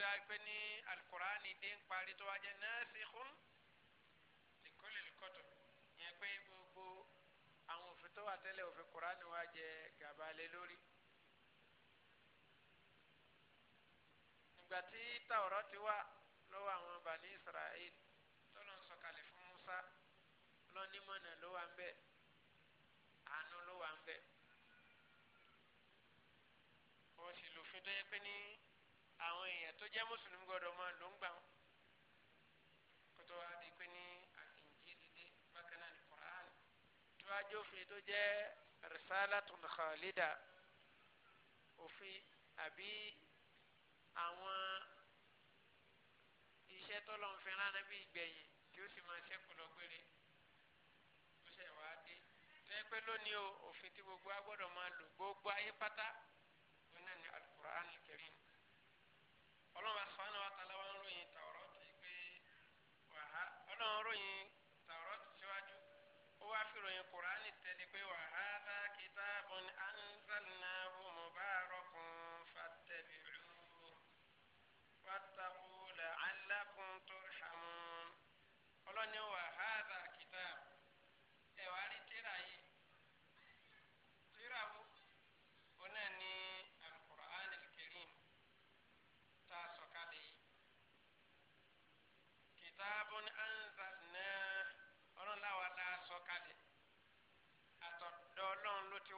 da pé ní alukurani dé ń parí tó wá jẹ́ nasikhun li kulli kutub yẹn pé gbogbo àwọn òfin tó wà tẹ́lẹ̀ òfin kurani wá jẹ́ gàba lé lórí. ìgbà tí tàwọ̀rọ̀ ti wà bani israel tó lọ́n sọ̀kalẹ̀ fún musa lọ́nímọ̀nà ló wà ń bẹ́ẹ̀. tó jẹ́ mùsùlùmí gbọ́dọ̀ máa ló ń gbà wọn kótó wa di pé ní àkìnjí dídé bákan náà ní Qur'an tó wá jẹ́ òfin tó jẹ́ risalatun khalida òfin àbí àwọn iṣẹ́ tọ́lọ́ ń fẹ́ rárá bí ìgbẹ̀yìn tí ó sì máa ṣẹ́kù lọ́gbére ó ṣe wá dé tẹ́ pé lónìí o òfin tí gbogbo agbọ́dọ̀ máa lò gbogbo ayé pátá ó náà ní al-Qur'an al ọlọ́run asọ́nà wa tala wa ń ròyìn tàwọ́rọ́ ti pé wàhá ọlọ́run ròyìn tàwọ́rọ́ ti síwájú ó wá fi ròyìn kùránì tẹ́lẹ̀ pé wàhá dá anzalna.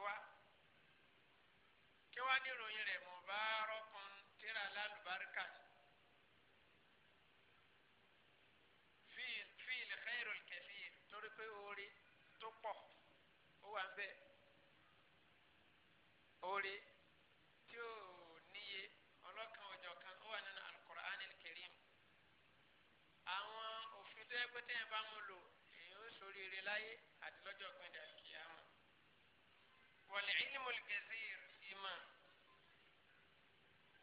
wá kí wá ní ìròyìn rẹ̀ mubarakun tíra lálùbáríkà ni. fíìlì khairul kathir torí pé oore tó pọ̀ ó wà ń bẹ oore tí ó níye ọlọ́kan ọjọ́ kan ó wà nínú al-Qur'an al-Karim àwọn òfin tó yẹ pé téèyàn bá mú lò èyí ó ṣoríire láyé àti lọ́jọ́ gbẹ̀dẹ̀ والعلم ilmul kẹsìr ìmọ̀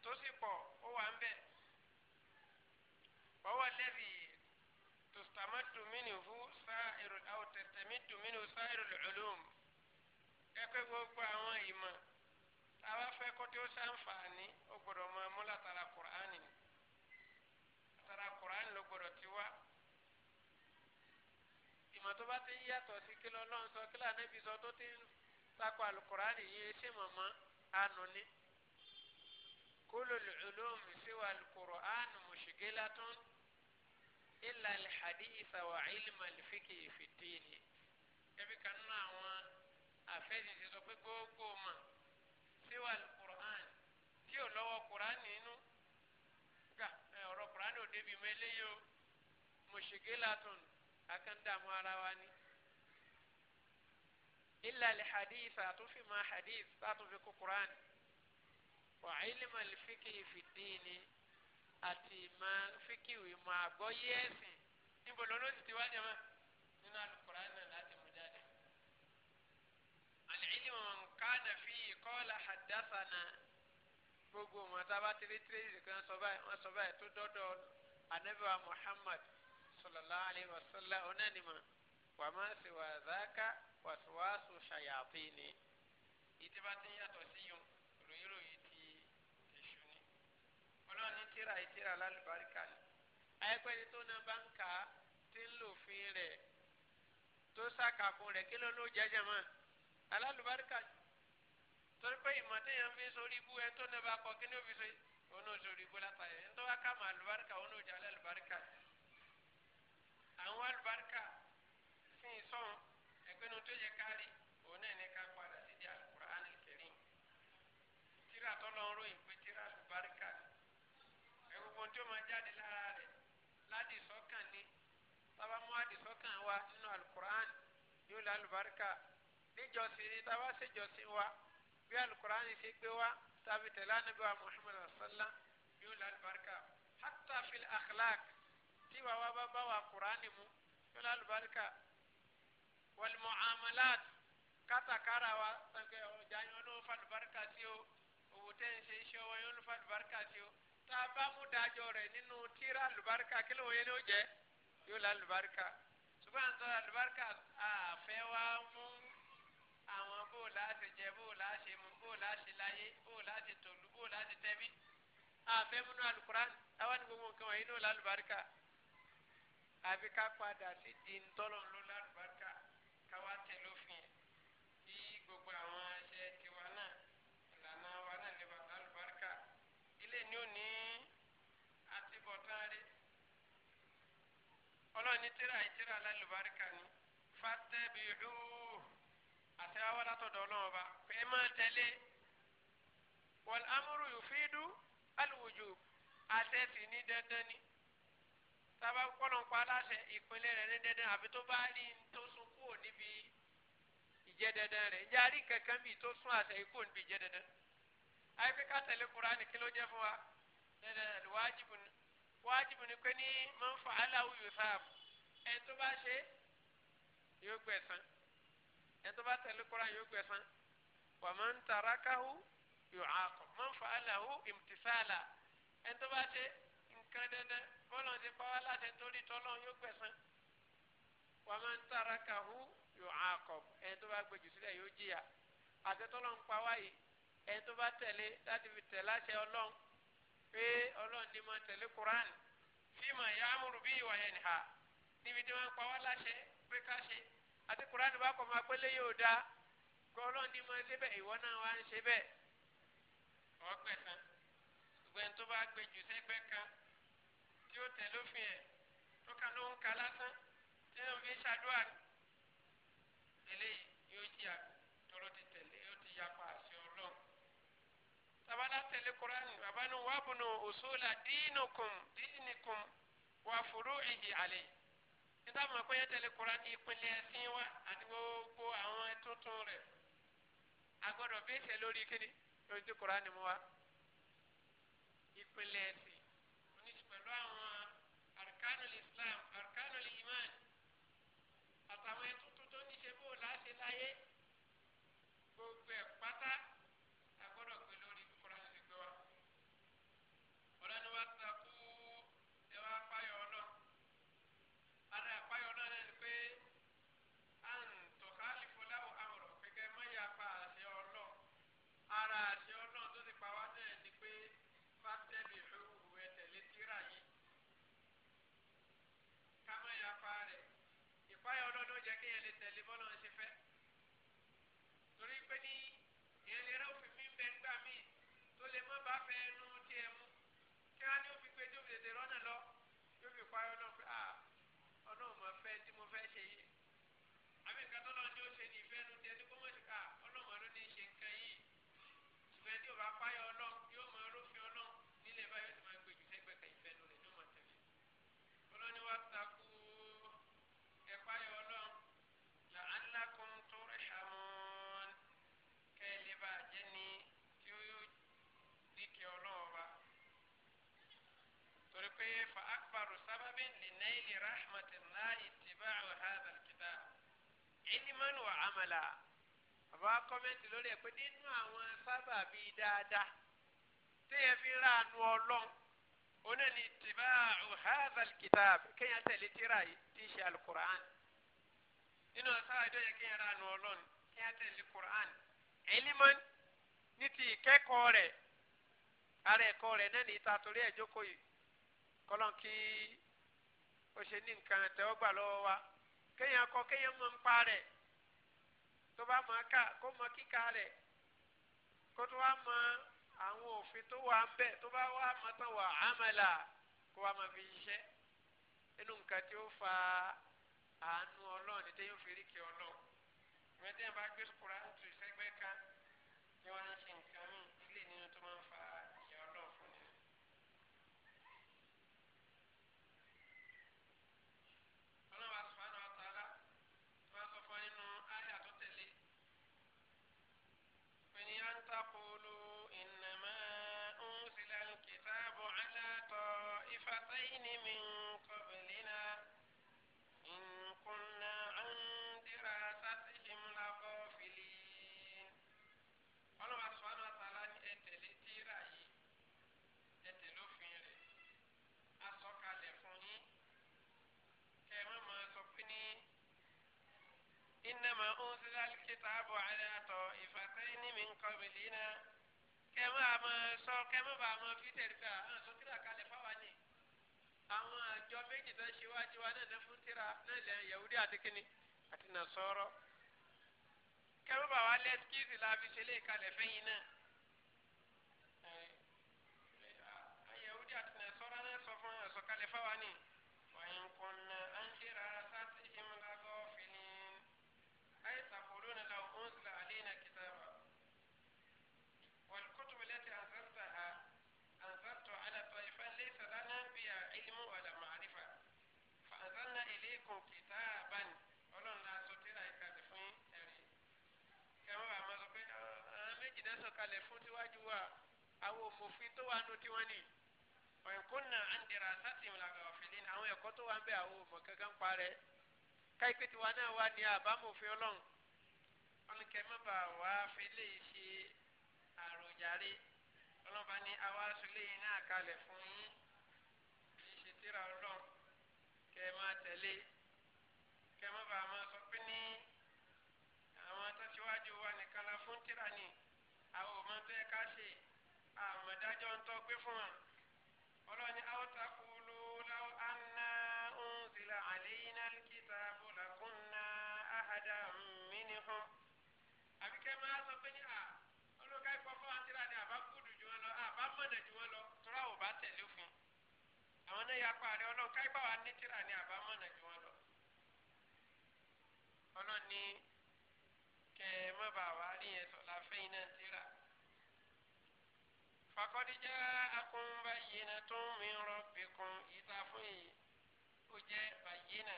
tó sì pọ̀ ó wà ń bẹ̀ wọ́wọ́ lẹ́bi tòsítàmọ́tò mínìfú sáírù àwòtẹ̀tẹ̀mítò mínìfú sáírù lùlùm ẹgbẹ́ gbogbo àwọn ìmọ̀ táwa fẹ́ kó tí ó ṣàǹfààní ó gbọ́dọ̀ máa mú látara kùránì látara kùránì ló gbọ́dọ̀ ti wá ìmọ̀ tó bá ti yàtọ̀ sí kí tó ti sáko alukurani yìí ṣe mọ̀mọ́ anu ni kúlò lùlùmí síwá alukurani mùsùgélá tún ilà alhadisa wà ilmà lifiki fìdíni ẹbí kan nínú àwọn àfẹ́sì ti sọ pé gbogbo mà síwá alukurani tí ò lọ́wọ́ kurani inú gà ọ̀rọ̀ kurani ò débi mẹ́lẹ́yìí o mùsùgélá tún akandàmú ara wa ni. إلا لحديث أتوفي ما حديث أتوفي قرآن وعلم الفقه في الدين أتي ما فقه ما قويس نبو لولو ستواجه ما ننال القرآن الآتي مجاجة العلم من كان فيه قال حدثنا gbogbo wọn tá a bá ti rí tírèsì kan sọ báyìí wọn sọ báyìí tó dọdọ anabiwa Muhammad sallallahu alayhi wa sallam ọ̀nà ni mà wàmásìwà záká wàsíwàsù ṣàyàfẹ́ ni ìdíbà tí ń yàtọ̀ sí yun ròyìnròyìn ti èṣù ni ọlọ́run ní tíra ìtíra lálùbáríkà ni ayẹpẹ́ni tó náà bá ń kà á ti ń lòfin rẹ̀ tó ṣàkàkùn rẹ̀ kí ló ló jẹjẹ mọ́ alálùbáríkà torí pé ìmọ̀ téèyàn fi sórí ibú ẹ tó náà bá kọ kí ni ó fi so òun ò sórí ibú látàrí ẹ tó wá ká mọ alùbáríkà òun ò jẹ alálùbáríkà àwọn alùbáríkà sì ń sọ̀rọ̀ pẹ́nu tó yẹ káàdì òun náà ní ká padà sídìí alukur'an kẹrin tíra tọ́lọ́rọ́ yìí pé tíra àlùbáríkà ẹ̀gbọ́n tó máa jáde lára rẹ̀ ládìsọ́kàn ni tábà mú àdìsọ́kàn wa nínú alukur'an yóò lọ àlùbáríkà níjọsìn tábà ṣèjọsìn wa bí alukur'an ṣe gbé wa tàbí tẹ̀lé ànábì wa Muhammad sallam yóò lọ àlùbáríkà hatta akhlaq tí wàá wá bá bá wa kur'an mu yóò lọ àlùbáríkà wal muamalat kátàkárà wa sànkẹ́ ọjà yẹn ló fa àlùbáríkà sí o òwò tẹ́ ń ṣe iṣẹ́ wọn yẹn ló fa àlùbáríkà sí o tá a bá mú dájọ́ rẹ̀ nínú tíra àlùbáríkà kí ló yẹ ló jẹ́ yóò la àlùbáríkà ṣùgbọ́n àǹtọ́ àlùbáríkà se wa mú àwọn se láti jẹ bó láti mú bó láti láyé bó láti tòlú bó láti tẹ́bí àfẹ́ múnú alukuran àwọn ni gbogbo nǹkan wọ̀nyí ló ni ó ní àtibọ̀tán rí ọlọ́run ní tíra ìtíra lálùbáríkà ni fàtẹ́bìrú àti awọ́dátọ̀dọ̀ ọlọ́run ọba pé ẹ máa tẹ̀lé wọ́n amúrú yòfídú alùwòjò àtẹ̀sí ní dandan ni sábà kọ́nọ̀pá aláṣẹ ìpínlẹ̀ rẹ̀ ní dandan àbí tó bá rí ní tó sún kúrò níbi ìjẹ́ dandan rẹ̀ ìjà rí kankan bíi tó sún àṣẹ ikú níbi ìjẹ́ dandan ayé pé ká tẹ̀lé kuraani kí ló jẹ́ fún wa dandan wájibu ni wájibu ni pé ní man fa'alahu yusab ẹ̀ tó bá ṣe yóò gbẹ̀san ẹ̀ tó bá tẹ̀lé kuraani yóò gbẹ̀san wa man tarakahu yu'aqab man fa'alahu imtisala ẹ̀ tó bá ṣe nǹkan dandan bọ́lọ̀ ti pa wá láti torí tọ́lọ́ yóò gbẹ̀san wa man tarakahu yu'aqab ẹ̀ tó bá gbẹ̀jù sílẹ̀ yóò jìyà àti tọ́lọ́ ń pa wáyìí. ẹni tó bá tẹ̀lé láti fi tẹ̀ láṣẹ ọlọ́n pé ọlọ́run ni mo tẹ̀lé Quran fíìmù ẹ̀yà amúrú bí ìwà yẹn nìha níbi tí wọ́n ń pa wá láṣẹ pé ká ṣe àti Quran bá kọ́ máa pélé yóò dá ni mo ìwọ náà wá ń ṣe bẹ́ẹ̀ tó bá gbé jù sẹ́gbẹ́ kan tí ó tẹ̀ lófin ẹ̀ tó ló ń ka lásán tí wọ́n fi ṣàdúrà eléyìí yóò jìyà tabala tele kurani baba ni wabunu usula diinukum diinikum wa furu'ihi ale níta mọ̀ pé tele kurani ìpínlẹ̀ ẹ̀sìn wa àti gbogbo àwọn tuntun rẹ̀ agbọ́dọ̀ bẹ́sẹ̀ lórí kíni lórí tí kurani mu wa ìpínlẹ̀ ẹ̀sìn oníṣẹ́ pẹ̀lú àwọn arkanu islam arkanu iman àtàwọn ẹ̀tún. أكبر سبب لنيل رحمة الله اتباع هذا الكتاب علما وعملا bàbá kọ́mẹ́ntì lórí ẹ̀ pé nínú àwọn sábàbí dáadáa téèyàn fi ráàánú ọlọ́run oní ni tìbá hadha alkitab kéèyàn tẹ̀lé tíra yìí tí í ṣe alukur'an nínú sábàbí yẹn kéèyàn ráàánú ọlọ́run kéèyàn tẹ̀lé kur'an ẹ̀límọ́n ní ti ìkẹ́kọ̀ọ́ rẹ̀ ara ẹ̀kọ́ rẹ̀ náà ní ìta torí ẹ̀ yìí kọ́lọ́n kí ó ṣe ní nǹkan tẹ́wọ́gbà lọ́wọ́ wa kéèyàn kọ kéèyàn mọ̀ ń pa rẹ̀ tó bá mọ̀ ká kó mọ̀ kíkà rẹ̀ kó tó wá mọ̀ àwọn òfin tó wà ń bẹ̀ tó bá wà mọ̀ tán wà ámàlà kó wà mọ̀ fi ṣiṣẹ́ nínú nǹkan tí ó fa àánú ọlọ́run ní téyàn fi rí kí ọlọ́run ìwé téyàn bá gbé kura tù sẹ́gbẹ́ kan tí wọ́n ń كما أنزل الكتاب على طائفتين من قبلنا كما ما سو كما ما في تربية أنا سو كده كالفواني àwọn àjọ méjì tó ń ṣíwájú wa náà fún tíra náà lẹ yahudi àti kínní àti nasọrọ kẹrùbà wa lẹsikíìsì la fi ṣe léèkalẹ fẹ̀yìn náà yahudi àti nasọrọ náà sọ fún ọsọkalẹ fáwa nìyí. kalẹ̀ fún tiwájú wa àwọn òmòfin tó wà nù tiwọn ni ọ̀yẹ̀kúnnà àǹdìrà sátìm làgbà ọ̀fìlín àwọn ẹ̀kọ́ tó wà ń bẹ àwọn òmò kankan parẹ́ káyipé tiwa náà wà ní àbámòfin ọlọ́run ọlọ́kẹ́ mọ́ba wà fi lè ṣe àròjàre ọlọ́ba ní àwa sọlé yìí náà kalẹ̀ fún yín kì í ṣe tíra ọlọ́run kẹ́ ẹ máa tẹ̀lé kẹ́ mọ́ba máa sọ pé ní àwọn tó wa nìkan la fún tíra nìyí àwọn ọmọ tó yẹ ká ṣe àmọ̀dájọ́ ń tọ́ gbé fún wa ọlọ́ni àwòtá kúló láwọ anna unzila alayna alkitabu lakunna ahada minhum. àbíkẹ́ máa sọ pé ní à olùkọ́ ìfọ́fọ́ àtìrà ni àbá gbúdù jù wọn lọ àbá mọ̀nà jù wọn lọ tọ́lá ò bá tẹ̀lé fún un. àwọn náà yapa rẹ ọlọ́kọ́ ìbáwá nítìrà ni àbá mọ̀nà jù wọn lọ. ọlọ́ni kẹ́ ẹ má bàa wá rí yẹn sọ láfẹ́ iná tíra. faqad ja'akum bayyinatun min rabbikum ìta fún yìí ó jẹ́ bàyínà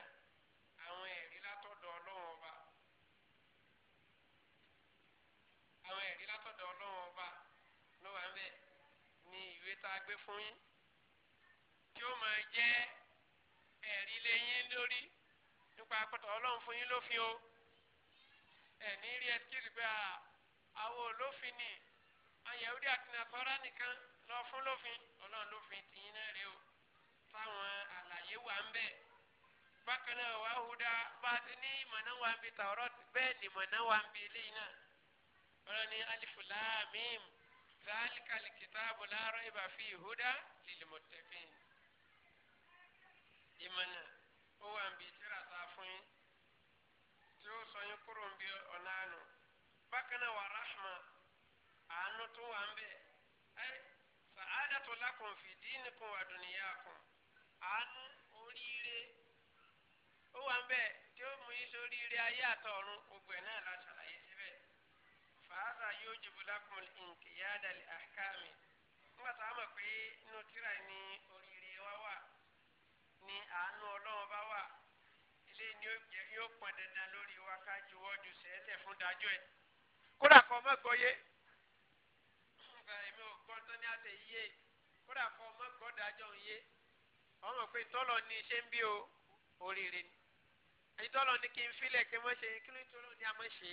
àwọn ẹ̀rí látọ̀dọ̀ ọlọ́run ọba. àwọn ẹ̀rí látọ̀dọ̀ ọlọ́run ọba ló wà ń ní ìwé tá a gbé fún yín tí ó máa jẹ́ ẹ̀rí lé yín lórí nípa pẹ̀tọ̀ ọlọ́run fún yín lófin o ẹni rí ẹsikiri pé àwọn olófin ni ayẹwòdì àti nasọra nìkan lọ fún lófin Ọlọ́run lófin tìyín náà rèé o táwọn àlàyé wà ń bẹ bákan náà wàá hùdá bá a ti ní ìmọ̀nà wà ń bi tàwọ́rọ́ bẹ́ẹ̀ ni ìmọ̀nà wà ń bi eléyìí náà Ọlọ́run ní alifu láàmìm zalikali kitaabu laaro ibà fi hùdá lil muttaqin ìmọ̀nà ó wà ń bi yóò sọ yín kúrò ń bí ọ̀nà àánú bákan náà wà ráhùmà àánú tó wà ń bẹ ẹ sàádà tó lákùn fìdí nìkan wà dùnìyà kùn àánú oríire ó o ń bẹ tí ó mú yín sóríire ayé àtọ̀run gbogbo ẹ̀ e náà la ṣàlàyé síbẹ̀ fàáza yóò jìbù lákùn ìǹkìyàdà àkàmì nígbà tá a mọ̀ pé inú tíra ni oríire wá wà ní àánú ọlọ́run. òun dájọ́ ẹ̀ kódà kọ́ mọ́gbọ́ yé èmi ò gbọ́ tán ní àtẹ yé kódà kọ́ mọ́gbọ́ dájọ́ ń yé ọmọ pé tọ́lọ̀ ní ṣé ń bí o oríire ni èyí tọ́lọ̀ ní kí n filẹ̀ kí n mọ̀ ṣe kí ló ń tọ́lọ̀ ní àmọ́ ṣe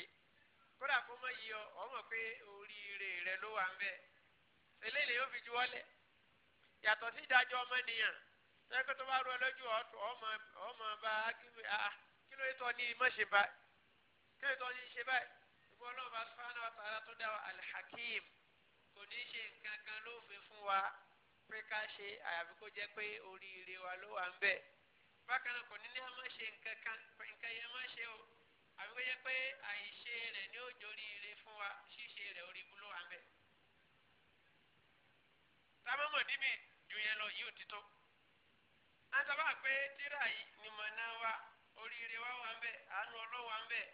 kódà kó mọ̀ yí ọ ọmọ pé oríire rẹ ló wà ń bẹ̀ eléyìí yóò fi ju wọ́lẹ̀ yàtọ̀ sí ìdájọ́ ọmọnìyàn tẹ́kọ̀ tó bá rú ọ lójú ọmọ ọmọ bá kí ló ń tọ́ ní mọ̀ ṣe báyìí kí ló tó ń ṣe báyìí ìwọ ọlọ́run bá subhanahu wa ta'ala tó dá wa alhakim kò ní ṣe nǹkan kan lófin fún wa pé ká ṣe àyàfi kó jẹ́ pé oríire wa ló wà ń bẹ̀ bákan náà kò ní ní a má ṣe nǹkan kan nǹkan yẹn má ṣe o àbí kó jẹ́ pé àìṣe rẹ̀ ní òjò oríire fún wa ṣíṣe rẹ̀ orí ibú ló wà ń bẹ̀ tábọ́mọ̀ níbi ju yẹn lọ yìí ò ti tó àtàbà pé tíra yìí ni mọ̀ náà wa oríire wa wà ń bẹ̀ àánú ọlọ́wà ń bẹ̀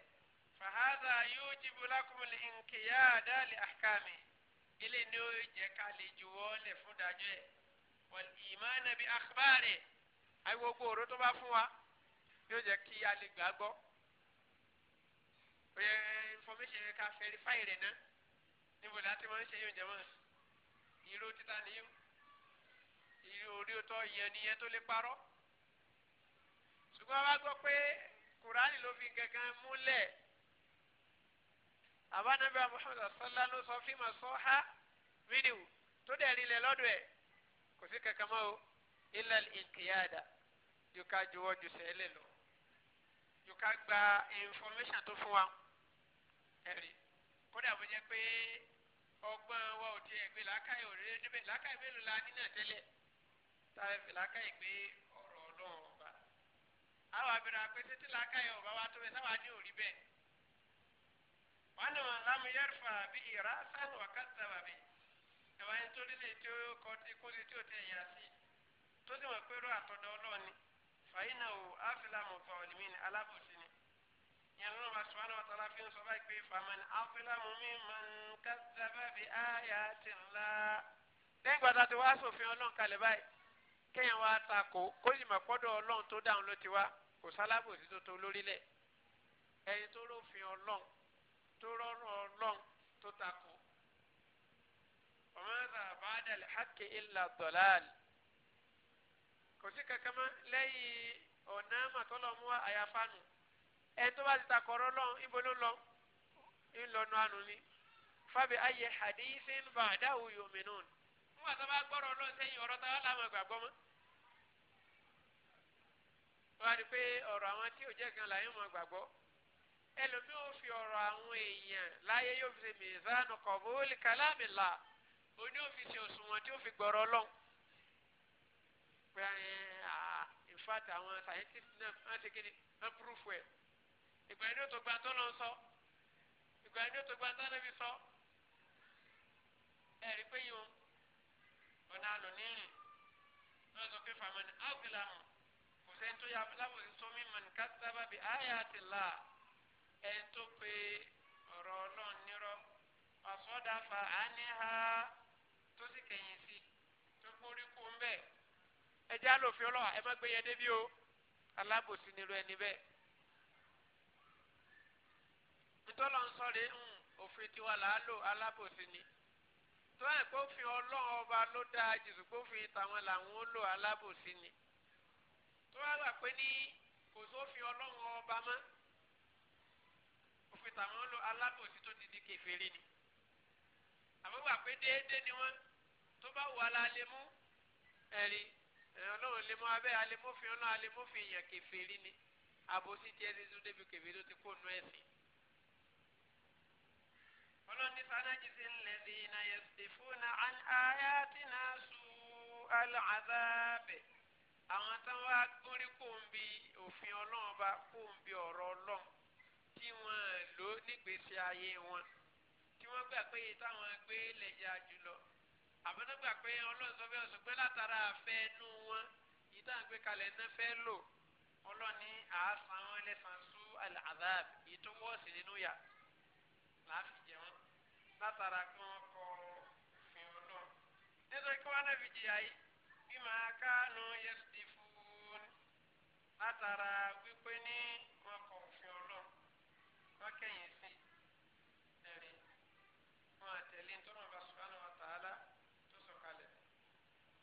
fàhádà yóò jìbù lákùnrin ìnkìyà àdáàlì àkàmì ilé ní ó jẹ ká lè juwọ́ lẹ̀ fún dájọ́ ẹ̀ wọ́n ìmọ̀ nàbí àkàbàrẹ̀ àìwọ́gbò òró tó bá fún wa yóò jẹ kí a lè gbàgbọ́ ó yẹ information yẹ ká verify rẹ̀ náà níbo láti máa ń ṣe yóò jẹ mọ́ ìró títa nìyó ìró orí tó yẹn nìyẹn tó lè parọ́ ṣùgbọ́n wá gbọ́ pé kùránì ló fi gẹ́gẹ́ múlẹ̀ àbánábíà muhammed asọ́lá ló sọ fíìmù sọ́ha mídìwù tó dẹ̀ rí lẹ̀ lọ́dọ̀ ẹ̀ kò sí kankan mọ́ o ilà ìkìyàdà yóò ká juwọ́ ju sẹ́lẹ̀ lọ yóò ká gba information tó fún wa ẹ̀rí kódà bó jẹ́ pé ọgbọ́n wa ò tiẹ̀ gbé làákàyè òrèrè débẹ̀ làákàyè mélòó la nínà tẹ́lẹ̀ táyà fi làákàyè gbé ọ̀rọ̀ ọlọ́run ọba àwọn abẹ́rẹ́ apẹ́sẹ́tì làákàyè ọba wa tó bẹ sáwà ní òrí bẹ́ẹ̀ wani wọn lamu yẹrfa bi irasan wa bi ẹwà yẹn tó lílé tí ó kọ tí kó lè tí ó tẹ yà sí tó sì wọn pẹ̀lú àtọ̀dọ̀ ọlọ́ọ̀ni fàyínà o áfílámù fọlùmí ni alábòsí ni yẹn lọ́nà bá sùpánù wọn tọ́lá fi ń sọ báyìí pé famani áfílámù mi máa ń kasaba bi àyà ti ńlá. lẹ́yìn gbàdá tí wàá sòfin ọlọ́run kalẹ̀ báyìí kéèyàn wá ta kó kó sì mọ̀ pọ́dọ̀ ọlọ́run tó dáhùn ló ti wá kò sálábòsí tó tó lórílẹ̀ ẹni tó lófin ọlọ́run tó rọrùn ọlọ́n tó takò ọmọdé àbáàdà lè hákè ìlà dọ̀láàlì kò sí kankan mọ́ lẹ́yìn ọ̀nà màtọ́lọ́mú àyàfánu ẹni tó bá ti takò ọ̀rọ̀ lọ́n ibo ló lọ ńlọnu ànú ni fábí ayé hadithin ba'dahu yu'minun nígbà tó bá gbọ́rọ̀ lọ́n sẹ́yìn ọ̀rọ̀ táwọn làwọn gbàgbọ́ mọ́ wọ́n á rí pé ọ̀rọ̀ àwọn tí ò jẹ́ kan làyẹn mọ̀ gbàgbọ́ ẹlòmíì ò fi ọ̀rọ̀ àwọn èèyàn láyé yóò fi ṣe mìzánù kọ̀bólì kálámìlà oní òfìsì òṣùwọ̀n tí ó fi gbọ̀rọ̀ lọ. pé in fact àwọn scientist náà wọ́n ti kí ni wọ́n proof ẹ̀. ìgbà yẹn ní o tó gba tó lọ sọ ìgbà yẹn ní o tó gba tó lọ fi sọ. ẹ̀rí pé yìí o ọ̀nà àlọ́ nírìn wọ́n sọ pé fàmọ́ni áwùjọ làwọn kò sẹ́ni tó yà láwùjọ sọ́mi mọ̀nìkà sábà bíi àyà àti làá ẹni tó pe ọ̀rọ̀ ọlọ́run nírọ́ ọ̀sọ́dàfà àníhà tó sì kẹ̀yìn sí tó gbórí kú ń bẹ̀ ẹ já lòfin ọlọ́wà ẹ má gbé yẹn débi o alábòsí nílò ẹni bẹ́ẹ̀. ntọ́lọ́ ń sọ̀rọ̀ ń òfin tiwa là á lò alábòsí ni tó ẹ̀ pé òfin ọlọ́run ọba ló dáa jù ṣùgbọ́n òfin tàwọn làwọn ó lò alábòsí ni tó wá wà pé ní kò sófin ọlọ́run ọba mọ́ fi tàwọn lò alábòsí tó ti di kèfèrí ni àmọ́ wà pé déédéé ni wọ́n tó bá wà la lè mú ẹ̀rí ọlọ́run lè mú abẹ́ alẹ́mọ́fin ọlọ́run alẹ́mọ́fin èèyàn kèfèrí ni àbòsí tiẹ̀ ti tún débi kèfèrí tó ti kó nu ẹ̀sìn. ọlọ́run ní sanájì sí ńlẹ̀ sí iná yẹn na àyà tí náà sùn aláàzábẹ̀ àwọn táwọn agbórí kò ń bi òfin ọlọ́run bá kò ń bi ọ̀rọ̀ ọlọ́run tí wọ́n lò nígbèésí ayé wọn tí wọ́n gbà pé iye táwọn gbé lè yá jùlọ àbọ̀dọ́ gbà pé ọlọ́run sọ fẹ́ ọ̀sùn pé látara àfẹ́ nú wọn iye táwọn gbé kalẹ̀ náà fẹ́ lò ọlọ́ni àásán wọn lẹ́sàn-án sú àdáàb iye tó wọ́ sí nínú yà láti jẹ wọn látara kí wọ́n kọ òfin ọlọ́run nítorí kí wọ́n náà fi jìyà yìí bí màá kánú yẹ́sùdì fún un látara wípé ní wọ́n kẹ́yìn sí ẹ̀rí wọn àtẹ̀lé nítorí wọn bá subhanahu wa ta'ala tó sọ kalẹ̀.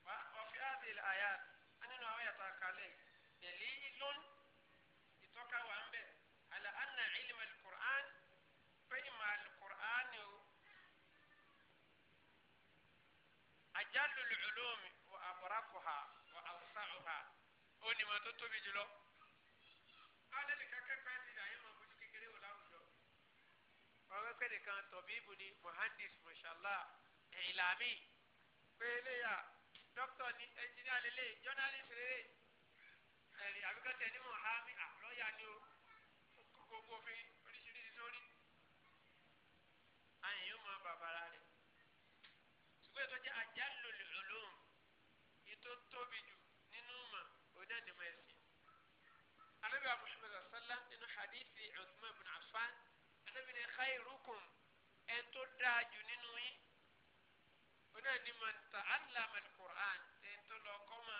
wà ọ̀fi àdìl àyà nínú àwọn yàtọ̀ àkàlẹ̀ tẹ̀lé ìlún ìtọ́ka wà ń bẹ̀ àlà ànà ìlmà alukur'an pé ìmà alukur'an o àjálù lùlùmí wà àbúrákù ha wà àwùsáhù ha ó ní ma wọ́n wẹ́ pé nìkan tọ̀bíìbù ni mohandis mọ̀ṣálá ìlàmì pé eléyà dókítà ni ẹnjìníà lélẹ̀ jọ́nálìsì lélẹ̀ ẹ̀rì àbíkọ́tẹ̀ ni mohammed àlọ́yà ni ó gbogbo òfin oríṣiríṣi lórí àyìn yóò mọ bàbára rẹ̀ ṣùgbọ́n ètò jẹ́ àjálù lòlóhùn ètò tóbi jù nínú mọ̀ onídàánímọ̀ ẹ̀sìn. alábẹ́ àbúṣe mọ̀tàsálá nínú hadithi Uthman bin Affan khairukum ẹn tó dáa jù nínú yín oní ẹni man ta'allama al-Qur'an ẹn tó lọ kọ́ ma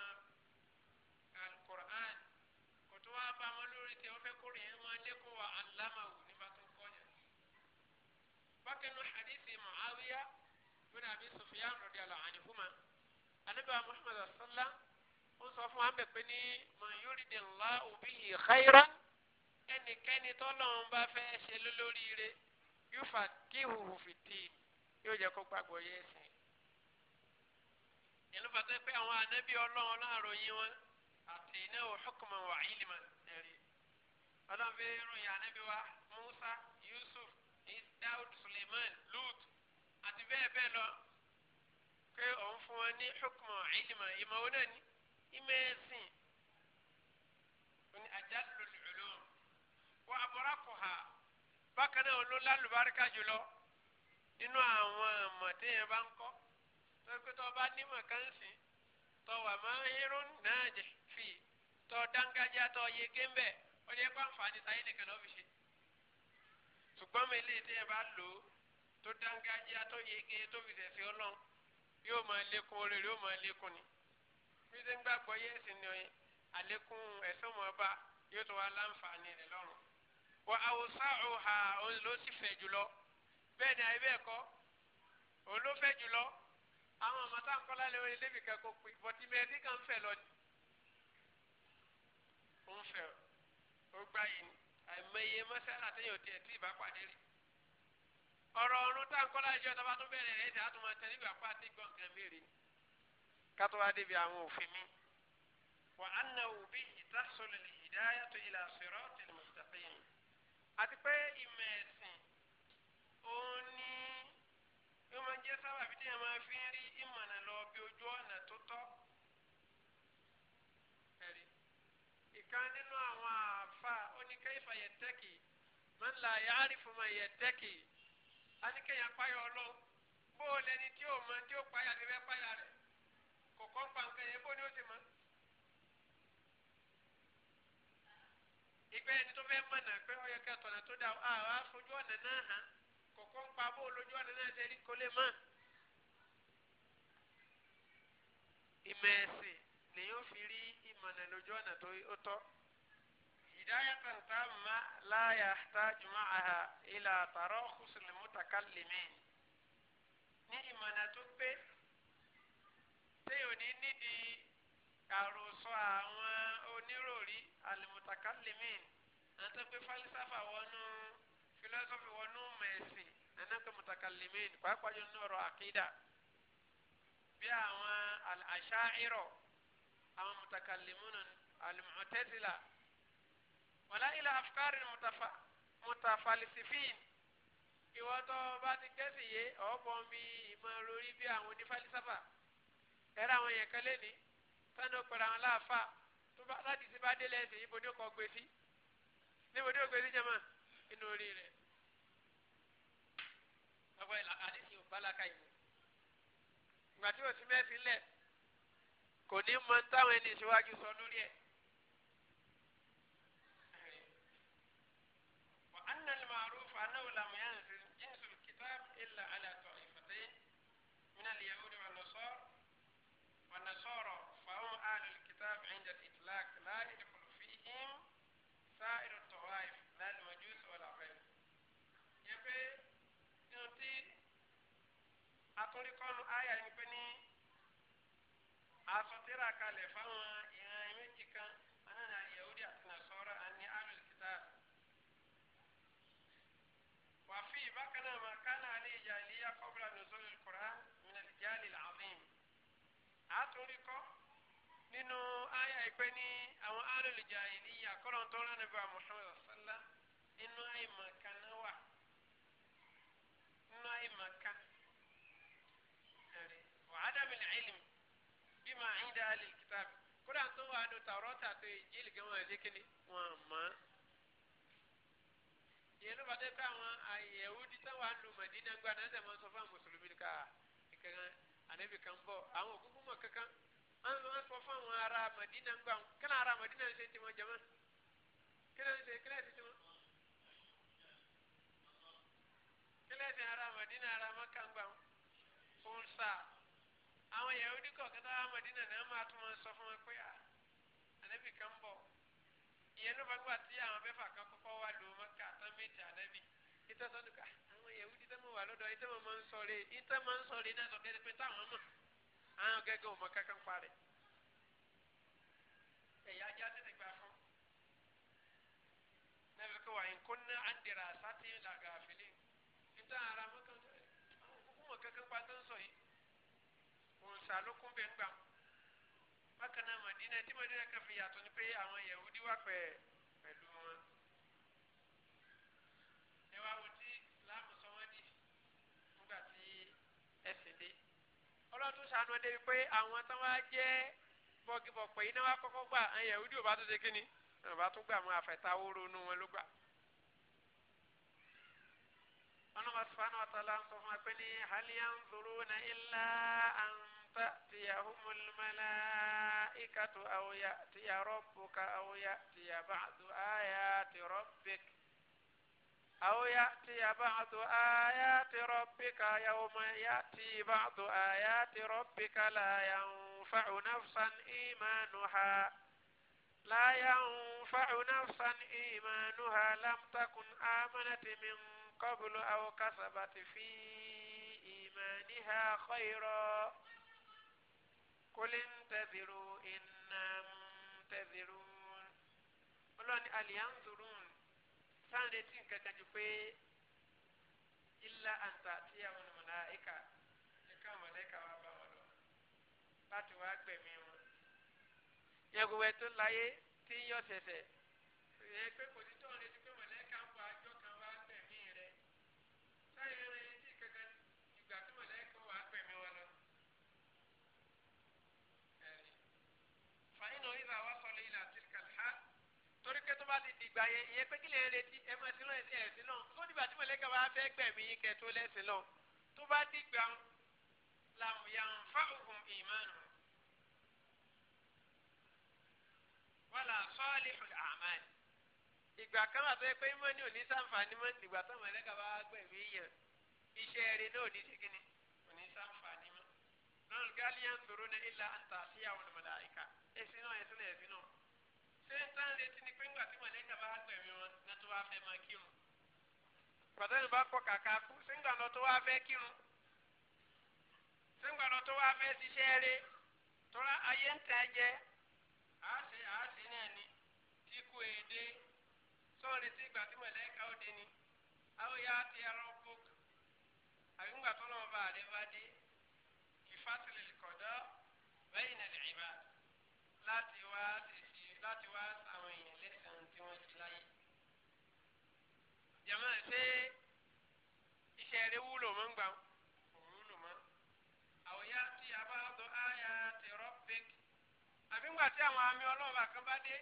al-Qur'an kò tó wá bá wọn lórí tẹ wọn fẹ́ kó rè é wọn lẹ́kọ̀ọ́ wa allamahu nígbà tó kọ́ yẹn. bákan náà hadithi Muawiya bin Abi Sufyan radiyallahu anhuma anabi wa Muhammad sallam ó sọ fún wa bẹ̀ pé ní man yuridillahu bihi khairan ẹnikẹ́ni tọ́lọ́run bá fẹ́ ṣe lólóríire yúfà kí huhu fìdí yóò jẹ́ kó gbàgbọ́ yẹ ẹ̀sìn. ìlú fàtí pé àwọn anábì ọlọ́run láàrọ̀ yín wọn àti iná hukman wa ilman ẹ̀rí. ọlọ́run fi ròyìn anábì wa Musa Yusuf Daud Suleiman Lut àti bẹ́ẹ̀ bẹ́ẹ̀ lọ pé òun fún wọn ní hukman wa ilman ìmọ̀ náà ní ìmọ̀ ẹ̀sìn. wọn ni àjálù lòlù wọ́n abọ́ra ha bákan náà olólá lùbáríkà jùlọ nínú àwọn àmọ̀ téèyàn bá ń kọ́ tó pé tó bá nímọ̀ kan sí tó wà máa ń hírún náà jẹ fi tó dángájá tó yege ń bẹ̀ ó yẹ kó àǹfààní sáyé nìkan lọ́ọ́ fi ṣe ṣùgbọ́n mi lè téèyàn bá lò ó tó dángájá tó yege tó fi tẹ̀sí ọlọ́run yóò máa lékún oore yóò máa lékún ni bí ṣe ń gbàgbọ́ yẹ́sì ni àlékún ẹ̀sán mọ́ yóò tún wá láǹfààní rẹ̀ lọ́rùn wa awusa'uha òun ló sì fẹ̀ jùlọ bẹ́ẹ̀ ni àyè bẹ́ẹ̀ kọ́ òun ló fẹ̀ jùlọ àwọn ọmọ tá à ń kọ́ lálẹ́ wọn ilé nìkan kó pin bọ́tí mẹ́rin kan fẹ̀ lọ ni ó ń fẹ̀ ó gbá yìí ni àìmọye mọ́sálà tẹ́yìn ò tiẹ̀ tí ì bá pàdé rí ọ̀rọ̀ ọ̀run tá à ń kọ́ láyé ọ̀tá bá tún bẹ̀rẹ̀ rẹ̀ ṣe àtúmọ̀ tẹ nígbà pa àti gbọ̀n kan mẹ́rin ni kátó wá débi àwọn òfin mi wà á nà òbí ìtàsọ̀lẹ̀ ìdáyàtọ̀ ìlà siratil mustaqim àti pé ìmọ̀ ẹ̀sìn òun ni yóò máa jẹ́ sábàbí tí yẹn máa fi ń rí ìmọ̀nà lọ bí ojú ọ̀nà tó tọ́. ẹ̀rí ìkan nínú àwọn àfa oníkẹ́yìfà yẹ̀tẹ́kì máa ń la yáàrí fún ma yẹ̀tẹ́kì á ní kéèyàn páyọ̀ ọlọ́run bó o lẹni tí ó mọ tí ó páyà ní bẹ́ẹ̀ páyà rẹ̀ kọ̀ọ̀kan pa nǹkan yẹn bó ni ó ti mọ̀. ìgbẹ́ ẹni tó fẹ́ mọ̀nà pé ọyọ kẹtọ̀nà tó dà á wá fojú ọ̀nà náà hàn kọ̀kọ́ ń pa bó lójú ọ̀nà náà ṣe rí kó lè mọ̀. ìmọ̀ ẹ̀sìn lèyìn ó fi rí ìmọ̀nà lójú ọ̀nà tó tọ́. ìdáyàtọ̀ tá a láyà tá jùmọ̀ àhà ilà àtàrọ̀ kùsùlùmù tàkàlìmí. ní ìmọ̀nà tó pé téèyàn ní nídìí àròsọ àwọn rí alimutakalimin àti pé falisafa wọnú filosofi wọnú mẹsìn àti mutakalimin pàápàá jù nínú ọ̀rọ̀ àkídà bí àwọn àṣàìrọ àwọn mutakalimun alimutẹsila wàlá ilà afukari mutafalisifin ìwọ tó bá ti gẹ́sì yé ọ̀pọ̀ mi ìmọ̀ lórí bí àwọn onífalisafa ẹ̀rọ àwọn yẹn kan lé ní sani òpèrè àwọn láàfà tó bá láti bá délé ẹsẹ̀ yìí bodè kọ́ gbé sí ní bodè gbé sí jẹ́mọ́ inú orí rẹ̀ ọgbọ́n ìlà àdìsí ò bá làkà ìwò ìgbà tí òsì mẹ́sì lẹ̀ kò ní mọ táwọn ẹni ìṣíwájú sọ lórí ẹ̀. وأن المعروف أنه لم ينزل الكتاب إلا على àyà yìí pé ní asọtẹ́rà kalẹ̀ fáwọn ìran méjì kan anáni Yahudi àti Nasara àní alul kitab. wàfi bákan náà máa kánà alẹ́ ìjà ìlíyà qabla nuzul al-Qur'an min al àtúndì kọ́ nínú àyà yìí pé ní àwọn alul jahiliyya kọ́lọ́ntọ́ lánàbà Muhammad sallallahu alaihi wasallam nínú àyè màkà wà nínú àyè màkà adamul ilm bima inda alil kitab kódà tó wà ní tàwọ́rọ́tà tó ìjìnlẹ̀ gan wọn ẹ̀dẹ́ kínní wọn mọ́. ìyẹn ló bàtẹ́ pé àwọn àyẹ̀wò dídá wà ń lu mẹ̀dínà gba náà sẹ̀ máa sọ fún àwọn mùsùlùmí ká ìkankan ànábì kan bọ̀ àwọn òkúkú mọ̀ kankan wọ́n sọ fún àwọn ará mẹ̀dínà gba wọn kí náà ará mẹ̀dínà ń ṣe ti wọn jẹ̀mọ́ kí náà ń ṣe kí náà ti ti wọn. kí náà ti ará mẹ̀dínà ará mọ̀ká ń gbà wọn fún sáà àwọn yahudi kọ̀ọ̀kan tó wà mọ̀dínà náà máa tún wọn sọ fún wọn pé ah, ànábì kan bọ̀ ìyẹn ló fagbá tí àwọn mẹ́fà kan kọ́kọ́ wà lò mọ́kà tán méjì ànábì ìtọ́ sọ́dúnkà àwọn yahudi tó mọ̀ wà lọ́dọ̀ ìtọ́ mọ̀ máa ń sọ̀rọ̀ ìtọ́ máa ń sọ̀rọ̀ iná sọ pé táwọn mọ̀ àwọn gẹ́gẹ́ ò mọ̀ kankan parẹ́ ẹ̀yà ajá tètè gbà fún nàbẹ̀ kọ́ wà ń kó ná àǹdẹ̀rẹ̀ àṣà tí ìtọ́ ara mọ̀ tó ń òòsà ló kún bẹ́ẹ̀ ń gbà wọn bákan náà mọ̀dínà tí mọ̀dínà kan fi yàtọ̀ ni pé àwọn yẹ̀wúdí wà pẹ̀ pẹ̀lú wọn. ẹ wá wo tí láàmú sọ wọ́n dì nígbà tí ẹ̀sìn dé. ọlọ́tún sànú ọdẹ wípé àwọn tán wá jẹ́ bọ́gìbọ̀pẹ̀ iná wá kọ́kọ́ gbà àwọn yẹ̀wúdí ò bá tó ṣe kínní àwọn bá tó gbà mọ́ àfẹ̀táwó ronú wọn ló gbà. ọlọ́mọ sọ́nà ọ̀tọ̀ la ń sọ fún wa pé ní hali yanzuruna illa an. تأتيهم الملائكة أو يأتي ربك أو يأتي بعض آيات ربك أو يأتي بعض آيات ربك يوم يأتي بعض آيات ربك لا ينفع نفسا إيمانها لا ينفع نفسا إيمانها لم تكن آمنت من قبل أو كسبت في إيمانها خيرا kólé ń tẹ́sirú iná ń tẹ́sirú ọlọ́ni aliyanzurun sáńdé tí nǹkan kan jù pé ilá àǹtà tí àwọn mọ̀láìka nìkan mọ̀láìka wà bá wọn lọ láti wá gbẹ̀mí wọn. yẹ̀gùwẹ̀ tó láyé tí ń yọ̀ sẹ̀sẹ̀ pé kò ní. bá ti dìgbà yẹn ìyẹn pé kí lè retí ẹ máa sílọ ẹsẹ ẹsìn náà tó dìgbà tí mọ̀lẹ́kà bá fẹ́ gbẹ̀mí kẹ tó lẹ́sìn náà tó bá dìgbà làwọn yàn fa òkun ìmánu wàlà sọ́ọ̀lì àmàl ìgbà kan wà tó yẹ pé mọ́ni ní sàǹfààní mọ́ ìgbà tó mọ̀lẹ́kà bá gbẹ̀mí yẹn iṣẹ́ rẹ̀ náà ní ṣe kíni ò náà gálíyàn tòró ilà àǹtà síyàwó ní mọ̀láyìká ẹ̀sìn náà ẹ̀sìn náà ẹ̀sìn náà ṣé sáà ń retí ni pé ńgbà tí mọ̀lẹ́kà bá gbẹ̀mí wọn ní tó wá fẹ́ máa kírun pàtẹ́ni bá kọ kàkà kú sígbà lọ tó wá fẹ́ kírun sígbà lọ tó wá fẹ́ ṣiṣẹ́ rẹ tọ́lá ayé ń tẹ́ jẹ́ àáṣe àáṣe náà ni tí kú èdè sọ́ọ̀rì tí ìgbà tí mọ̀lẹ́kà ó dé ni àwọn ya ti ẹ̀rọ bókù àbí ńgbà tó lọ́wọ́ bá rẹ bá dé kìfásílì kọ̀dọ́ bẹ́yìn nàlẹ́ ìbá láti wá àwọn èèyàn lẹ́sàn-án tí wọ́n ti láyé. jama ṣe iṣẹ́ rẹ wúlò mọ́ ń gbà wúlò mọ́. àwòyá tí a bá dọ̀ áyà ti rọ́ bẹ́ẹ̀kì. àbí ńgbà tí àwọn àmì ọlọ́ọ̀bà kan bá dé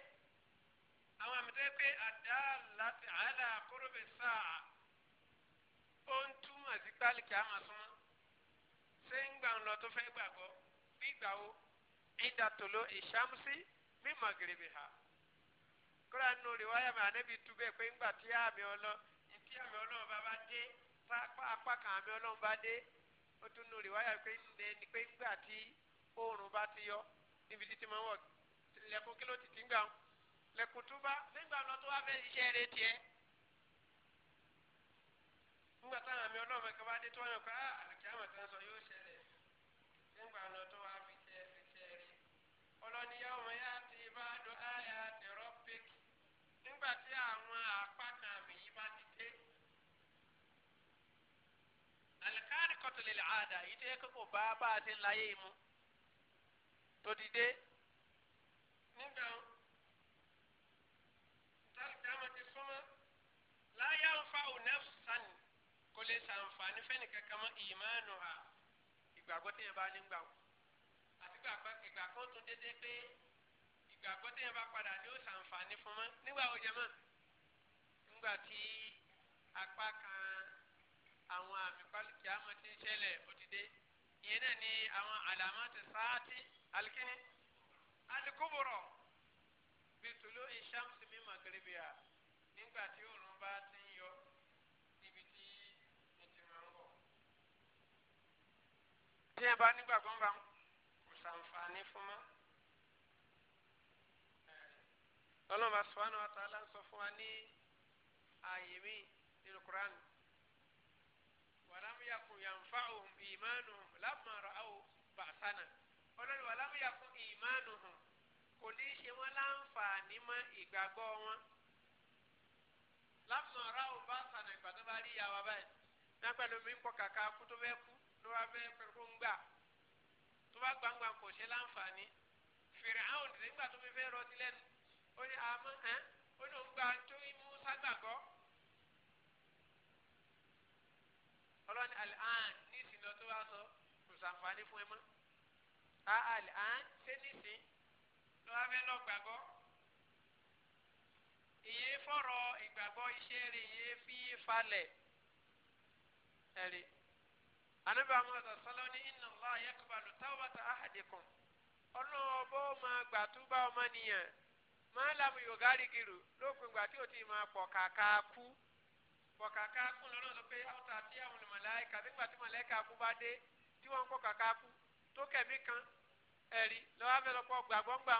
àwọn àmì tó yẹ pé àdá láti àádá kóróbè sáà ó ń túmọ̀ sí gbálìkì àmà súnmọ́ ṣé ń gbà ń lọ tó fẹ́ gbàgbọ́ bí gbà wo ìdàtòló ìṣàmùsí mi magrebi ha kóra nù rìwáyà mi ànábi tu bẹ́ẹ̀ pé ńgbà tí àmì ọlọ ìtí àmì ọlọ́run bá bá dé apá kan àmì ọlọ́run bá dé ó tún nù rìwáyà pé ńlẹ̀ ni pé ńgbà tí oòrùn bá ti yọ níbi títí máa wọ̀ lẹ́kùn kí ló ti ti ń gbà ń lẹ́kùn tó bá nígbà lọ tó wá fẹ́ iṣẹ́ rẹ tiẹ̀ ńgbà táwọn àmì ọlọ́run kan bá dé tó wáyọ̀ pé ah, àlùkí àmọ̀ tán sọ yóò ṣẹlẹ̀ nígbà lọ tó wá fi ṣẹ́ rẹ ọlọ́ni yá ọmọ yá nígbà tí àwọn apá kan àbẹ̀yí bá ti dé. àlìkáàrí kọ́tù lè àdá yìí tó yẹ kó kò bá bá a ti ń láyé mu tó ti dé. nígbà tálíkàmọ́ ti súnmọ́ láyà ń fa onẹ́fùsàn kò lè ṣàǹfààní fẹ́ni kankan mọ́ ìmánu ha ìgbàgbọ́ tí yẹn bá ní gbà àti ìgbà kan tún dédé pé ìgbàgbọ́ téèyàn bá padà ní ó ṣàǹfààní fún mọ́ nígbà wo jẹ mọ́ nígbà tí apá kan àwọn àmì pálíkì àmọ́ ti ń ṣẹlẹ̀ òdìdé ìyẹn náà ni àwọn àlàmọ́ ti sáàtì alikini alikuburo bitulu ishamsi mi magribia nígbà tí òòrùn bá ti ń yọ níbi tí ètò máa ń bọ̀. téèyàn bá nígbàgbọ́ bá kò ṣàǹfààní fún mọ́. ọlọ́mọba subhanahu wa ta'ala ń sọ fún wa ní ààyè mi nínú Quran wàlámù yakun yanfa'uhum imanuhum lamma ra'aw ba'sana ọlọ́ni wàlámù yakun imanuhum kò ní í ṣe wọ́n láǹfààní mọ́ ìgbàgbọ́ wọn lamma ra'aw ba'sana ìgbà tó bá rí ìyàwó báyìí nígbà lómi ń kọ kàkà kú tó bẹ́ẹ̀ kú ló wá bẹ́ẹ̀ pẹ̀lú ńgbà tó bá gbangba kò ṣe láǹfààní Fir'aun nígbà tó fi fẹ́ rọtí lẹ́nu ó ní àmọ́ ah, ẹ́ ó lóun gba tó imú ságbàgbọ́. ọlọ́ni àlàn ní ìsìn lọ tó wá sọ kò sàǹfààní fún ẹ mọ́ àlàn ṣé nísìn ló wá fẹ́ lọ gbàgbọ́ ìyé fọ̀rọ̀ ìgbàgbọ́ iṣẹ́ rẹ̀ ìyé fi falẹ̀ ẹ̀rí anabi amadu sallallahu ni inna allah yaqbalu tawbata ahadikum ọlọ́wọ́ bó máa gbàtúbà ọmọ nìyẹn máa lábù yorùbá rìgìrù lópin ìgbà tí o ti máa pọ̀ kàkà kú pọ̀ kàkà kú lọ́nà lọ pé ọ̀tà tí àwọn màláíkà nígbà tí màláíkà kú bá dé tí wọ́n ń pọ̀ kàkà kú tó kẹ̀mí kan ẹ̀rí lọ́wọ́ abẹ́lọpọ̀ gbàgbọ́ngbà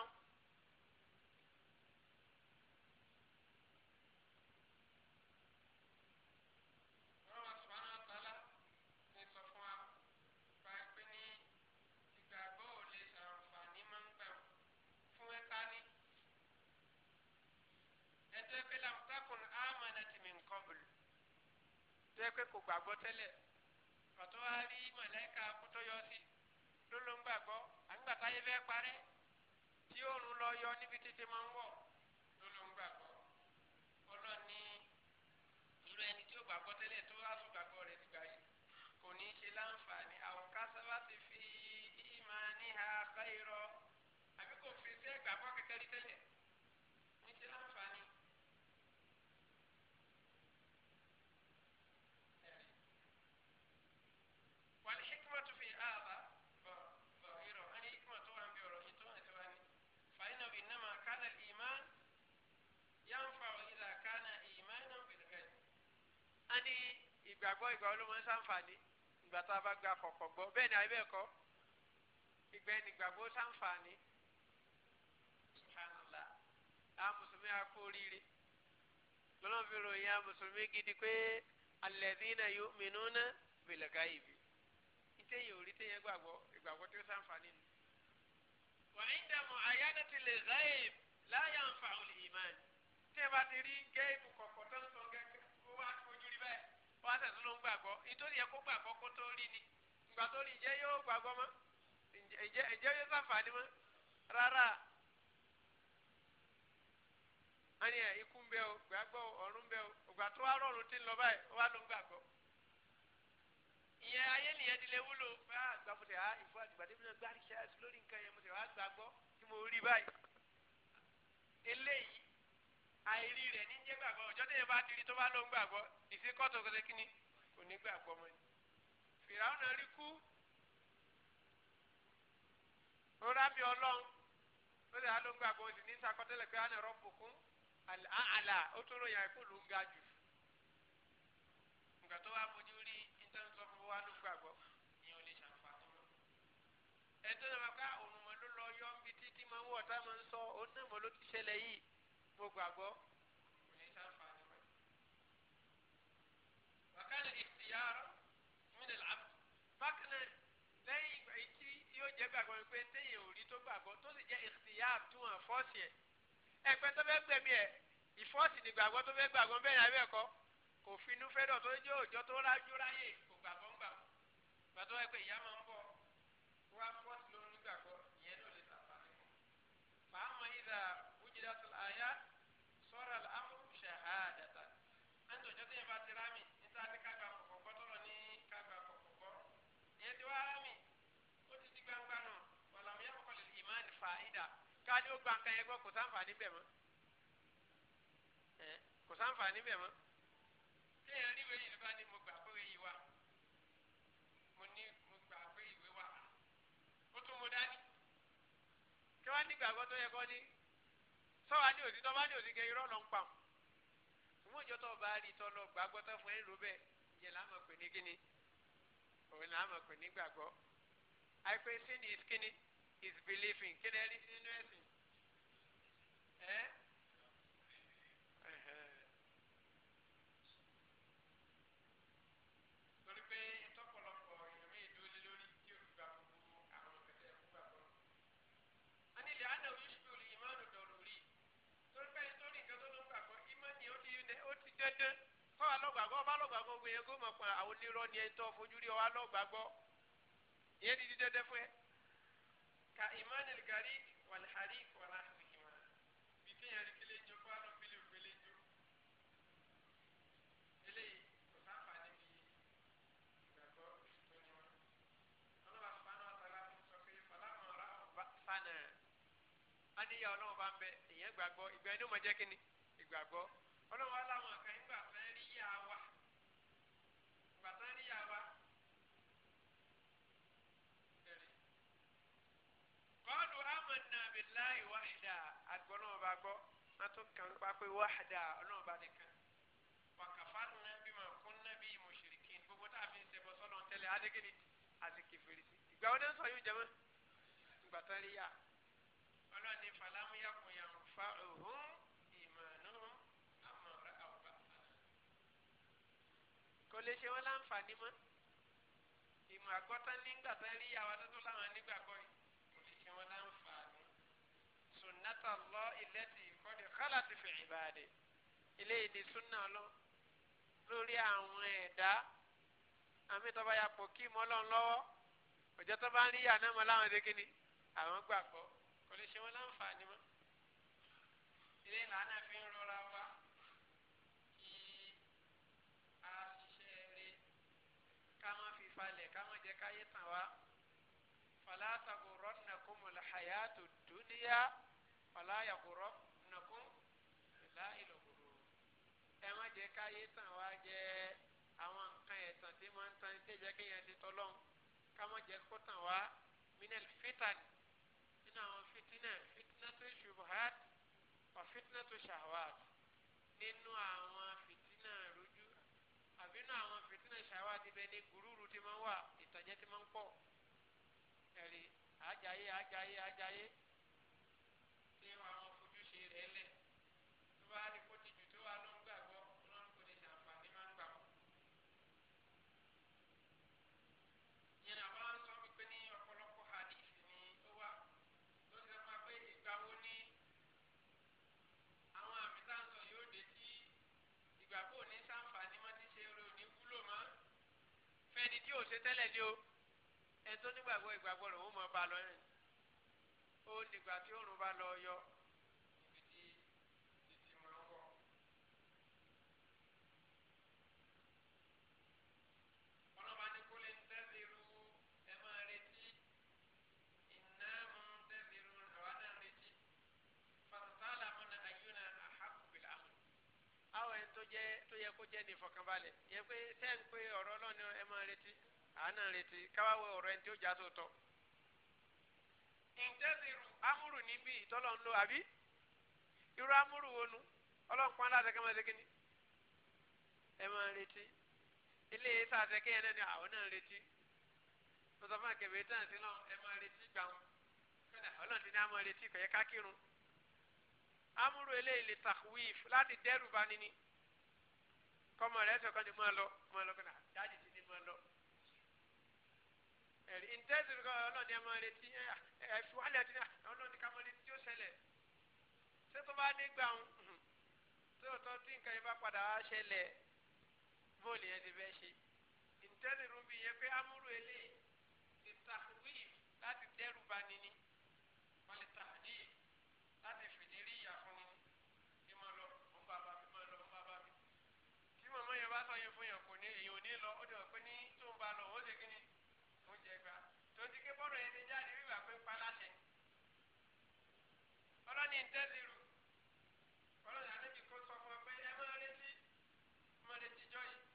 tẹ́ pé kò gbàgbọ́ tẹ́lẹ̀ pàtó wá rí mọ̀lẹ́ka kú tó yọ sí ló ló ń gbàgbọ́ àgbàtà yẹ fẹ́ parẹ́ tí òòrùn lọ yọ níbi tètè máa ń wọ̀ ló ló ń gbàgbọ́ ọlọ́ni irú ẹni tí ó gbàgbọ́ tẹ́lẹ̀ tó wá sọ ìgbàgbọ́ ìgbà wo ló máa ń ṣàǹfààní ìgbà tá a bá gba kọ̀kọ̀ gbọ́ bẹ́ẹ̀ ni àbẹ́ ẹ̀kọ́ ìgbà ẹni ìgbàgbọ́ ṣàǹfààní subhanallah a mùsùlùmí a kú oríire lọ́nà ròyìn a mùsùlùmí gidi pé alladhina yu'minuna bil ghaibi ìtẹ̀yìn òrí tẹ̀yìn gbàgbọ́ ìgbàgbọ́ tó ṣàǹfààní nù. wa 'inda mu'ayanati lil ghaib la yanfa'u al-iman tẹ́ bá ti rí gẹ́ẹ̀bù kọ̀ọ̀kọ̀ ó wá sẹ̀sùn ló ń gbàgbọ́ nítorí yẹ kó gbàgbọ́ kó tó rí ni ìgbà tó rí ìjẹ́ yóò gbàgbọ́ mọ́ ìjẹ́ ìjẹ́ yóò sàǹfààní mọ́ rárá a ní ẹ̀ ikú ń bẹ o gbàgbọ́ ọ̀run ń bẹ o ògbà tó wá rọrùn tí ń lọ báyìí ó wá ló ń gbàgbọ́ ìyẹn ayé nìyẹn ti lè wúlò bá àgbà mo tẹ̀ á ìfọ àtìgbàdé mi náà gbá lórí nǹkan yẹn mo tẹ̀ wá gbàgbọ́ tí mo rí báyìí àìrí rẹ̀ ní jẹ́ gbàgbọ́ ọjọ́ tẹ̀yẹ bá tiri tó bá ló ń gbàgbọ́ ìfikọ́tò kọ́tẹ́ kínní kò ní gbàgbọ́ mọ́ ni. fìràwọn náà rí kú rọra bí ọlọ́run ó lè ló ń gbàgbọ́ ó sì ní sakọ́tẹ́lẹ̀ pé àná rọ́pò kún àlà ó tún lóyún àìkú ló ń ga jù. ìgbà tó wá fojú rí nítorí sọ fún wa ló ń gbàgbọ́ ìyẹn ò lè ṣàǹfààní mọ́. ẹni tó yẹ ká òun mọ́ ló lọ yọ ń bi mo gbàgbọ́ kò ní sáfàní rẹ̀. bàkánì ìtìyàrá mílẹ̀ làbù bákan náà lẹ́yìn ìgbà yìí tí yóò jẹ́ gbàgbọ́ pé téèyàn ò rí tó gbàgbọ́ tó sì jẹ́ ìtìyàrá tó hàn fọ́ọ̀sì ẹ̀ ẹgbẹ́ tó fẹ́ gbẹ̀mí ẹ̀ ìfọ́ọ̀sì ni gbàgbọ́ tó fẹ́ gbàgbọ́ bẹ́ẹ̀ ni abẹ́ẹ̀kọ́ kò finú fẹ́dọ̀ tó jẹ́ òjò tó rájú ráyè kò gbàgbọ́ ń gbàgbọ́ gbàtọ́ ẹgbẹ́ gba nǹkan yẹn gbọ́ kò sáǹfà níbẹ̀ mọ́ kò sáǹfà níbẹ̀ mọ́ kéèyàn rí wẹ́yìn ló bá ní mo gbà pé wẹ́yìn wa mo ní mo gbà pé ìwé wa ó tún mo dání kí wọ́n ní gbàgbọ́ tó yẹ kọ́ ní sọ́wọ́n á òsì tó bá òsì kẹ́ irọ́ ló ń pa wọn ṣùgbọ́n ìjọ tó bá rí tọ́ lọ gbàgbọ́ tó fún ẹ ló bẹ́ẹ̀ yẹ láàmú pè ní kíni òun láàmú pè ní gbàgbọ́ àìpé sin is kíni is believing kí ni ẹ rí sí nínú ẹ̀sìn dandan kọ́ wa lọ́gbàgbọ́ ọba lọ́gbàgbọ́ gbé yẹn kó mọ̀ pa àwọn onírọ́ ni ẹni tó fojú rí ọwa lọ́gbàgbọ́ ìyẹn ti di dandan fún ẹ. ka imanil gari wàlhari wàlhari. ìyá ọlọ́run bá ń bẹ ìyẹn gbàgbọ́ ìgbà ẹni ó mọ̀ jẹ́ kí ni ìgbàgbọ́ ọlọ́run aláwọn kan ìgbà fẹ́ rí yá wa ìgbà fẹ́ rí yá wa. kọ́ọ̀lù amọ̀nà billahi wahda àgbọ̀ náà bá gbọ́ wọ́n tún kàn pa pé wahda ọlọ́run bá nìkan wa kafarna bima kunna bi mushrikin gbogbo tá a fi ń ṣẹbọ sọ́nà tẹ́lẹ̀ adégéni falamu yakun yanfa'uhum imanuhum amara awba kò lè ṣe wọn láǹfààní mọ́ ìmọ̀ àgbọ́tán nígbà tó rí ìyàwó tuntun láwọn nígbàgbọ́ yìí kò lè ṣe wọn láǹfààní sunnata Allahi allati qad khalat fi ibadihi ilé ìdí súnà lọ lórí àwọn ẹ̀dá àmì tó bá yà pò kí mọ́ lọ́n lọ́wọ́ òjò tó ń rí ìyá náà mọ́ láwọn ẹ̀dẹ́gínní àwọn gbàgbọ́ láǹfààní mọ́ ilé ìlànà fi ń rọra wá kí a ṣiṣẹ́ rere ká má fi falẹ̀ ká má jẹ́ káyé tàn wá fala tagurrannakumul hayatud dunya wala yagurrannakum billahil ghurur ẹ má jẹ́ káyé tàn wá jẹ́ àwọn nǹkan ẹ̀tàn tí máa ń tan tẹ́jẹ́ kéèyàn ti tọ́lọ́hún ká má jẹ́ kó tàn wá minel fitan nínú àwọn fitinẹ́ẹ̀ ṣàhàwàt ọ̀fìtínà tó ṣàhàwàt nínú àwọn fìtínà rojú àbí nínú àwọn fìtínà ṣàhàwàt ibẹ̀ ni gùrúrù ti máa ń wà ìtànjẹ ti máa ń pọ̀ ẹ̀rí àjàyé àjàyé àjàyé. ò ṣe tẹ́lẹ̀ ni o ẹni tó nígbàgbọ́ ìgbàgbọ́ rẹ̀ ó mọ̀ bá lọ rìn o nígbà tí òòrùn bá lọ yọ ibi tí títí máa wọ̀. ọlọ́ba ní kó lè ń tẹ́lẹ̀ irú ẹ máa retí iná mú ń tẹ́lẹ̀ irú àwa náà retí fàtàlà mú na àyùnà àhàkùbìlà. àwọn ẹni tó jẹ́ tó yẹ kó jẹ́ ní ìfọ̀kànbalẹ̀ yẹ pé sẹ́ǹ ọ̀rọ̀ ọlọ́ni ẹ máa retí àánà retí káwáwé ọ̀rọ̀ ẹni tí ó já sóòótọ́. ìjẹ́sìrù amúrù níbí ìtọ́lọ̀ ń lo àbí irú amúrù wo nu ọlọ́pàá ńlá àtẹkẹ́ máa ṣe kíni ẹ máa retí ilé iṣẹ́ àtẹkẹ́ yẹn náà ni àwọn náà retí mọ̀tàfà kẹ̀mẹ́ tán sí náà ẹ máa retí gbà wọn kódà ọlọ́run ti ní a retí kọ̀yẹ́ ká amúrù eléyìí lè takwif láti dẹ́rù bá níní kọ́mọ rẹ̀ ẹ̀sọ́ kan ní máa lọ máa lọ kọ́nà jáde ti ẹ̀rí ìtẹ́sìrì kan ọlọ́ọ̀ni ẹ̀ máa retí ẹ̀fíwálẹ̀ àti ọlọ́ọ̀ni ká máa retí tí ó ṣẹlẹ̀ ṣé tó bá dé gbà ń tó tó tí nǹkan yẹn bá padà wá ṣẹlẹ̀ bóòlù yẹn ti fẹ́ ṣe ìtẹ́sìrì bí yẹn pé amúrú eléyìí ti tàwí láti dẹ́rù bá nínú. tẹ́sílù ọlọ́run àdébí kò sọ fún ọ pé ẹ máa retí máa retí jọ yìí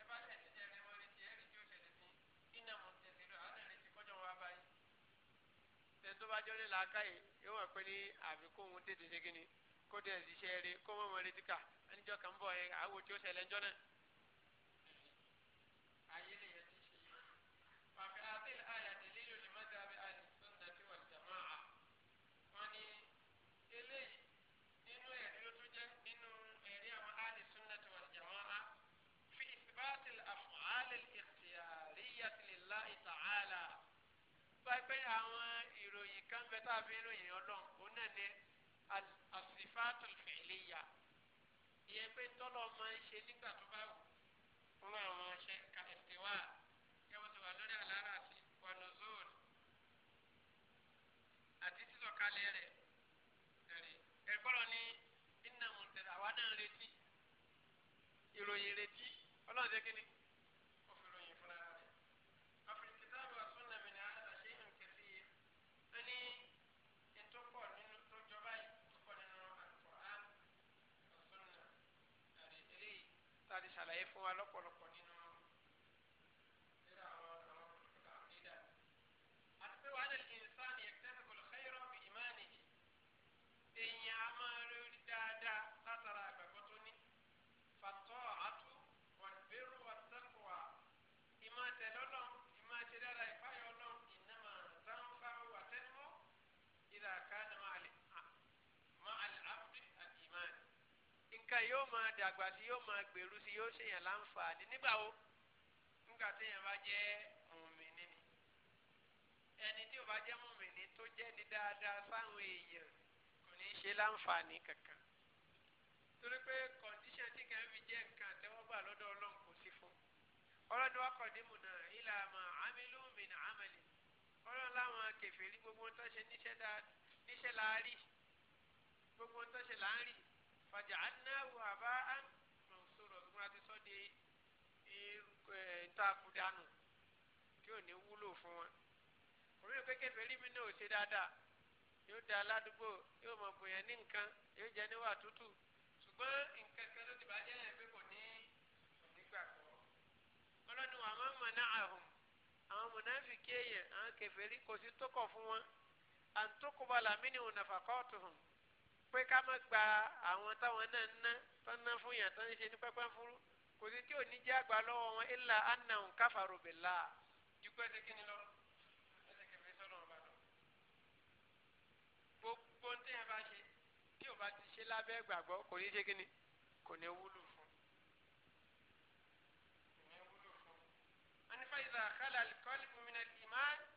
ẹ bá tẹ̀ sí ẹ̀rẹ́ máa retí ẹ̀rí tí ó ṣẹlẹ̀ sí iná mọ̀ tẹ̀sílù àádọ́ retí kọjọ́ wọn bá yín. tẹ̀sí tó bá jọ́lé làákàyè yóò wọ̀ pé ní àbíkó òun tètè ṣe kíni kó tẹ̀ ṣe eré kó mọ̀ mọ̀ retí ká ẹnìjọ́ kan bọ̀ ẹ̀ àwòjọ́ ṣẹlẹ̀ ńjọ́ náà. àwọn ìròyìn kan bẹ tá a fi ròyìn ọlọ́run òun náà ni àsìfáàtù fìlíyà ìyẹn pé tọ́lọ̀ máa ń ṣe nígbà tó bá wù fún àwọn ọṣẹ kàìsìwà kẹwọn tó wà lórí àlára àti wọnùzóòlù àti sísọ̀kalẹ̀ rẹ̀ ẹ̀gbọ́n ní iná mọ̀tẹ́lẹ̀ àwa náà retí ìròyìn retí ọlọ́run ṣe kí ni. yóò máa dàgbà sí yóò máa gbèrú sí yóò ṣèyàn láǹfààní nígbà wo nígbà téèyàn bá jẹ́ mùmìnì ni ẹni tí ò bá jẹ́ mùmìnì tó jẹ́ ní dáadáa sáwọn èèyàn kò ní í ṣe láǹfààní kankan torí pé kọ̀ǹdíṣàn tí kàn fi jẹ́ nǹkan àtẹ́wọ́gbà lọ́dọ̀ ọlọ́run kò sí fún ọlọ́dún wa kọ̀dímù náà ilà àmà amílù min amali ọlọ́run láwọn kẹfìrí gbogbo tó ṣe níṣẹ́ láàárí gbogbo tó ṣe láàárí fàjà àdínáwó àbá àmọ̀sọ̀rọ̀ bí wọ́n ti sọ de ìtàkùdánù tí ò ní wúlò fún wọn. orí ìpè kèfèrí mi náà ò ṣe dáadáa yóò da aládùúgbò yóò mọ̀ bóyá ní nǹkan yóò jẹ́ níwà tútù ṣùgbọ́n nǹkan kan ló ti bàjẹ́ yẹn pé kò ní onígbàgbọ́. ọlọ́ni wa máa ń mọ̀ náà àhùn àwọn mùnáfíkì èèyàn àwọn kèfèrí kò sí tókọ̀ fún wọn àǹtókòbọ̀là mí ni òun nàfàkọ́ tó hàn pé ká má gba àwọn táwọn náà ń ná tó ń ná fún yàn tó ń ṣe ní pẹ́pẹ́ fúrú kò sí tí ò ní jẹ́ àgbà lọ́wọ́ wọn ilà anahun káfàrò bẹ̀là ju pé ṣe kíni lọ ẹsẹ̀ kẹfẹ́ sọ́nà ọba lọ. gbogbo ní tẹ́yà bá ṣe tí ò bá ti ṣe lábẹ́ gbàgbọ́ kò ní ṣe kíni kò ní wúlò fún. kò ní wúlò fún. wọn ní fàyè sàkálà kọ́lì fún mi náà ìmáàlì.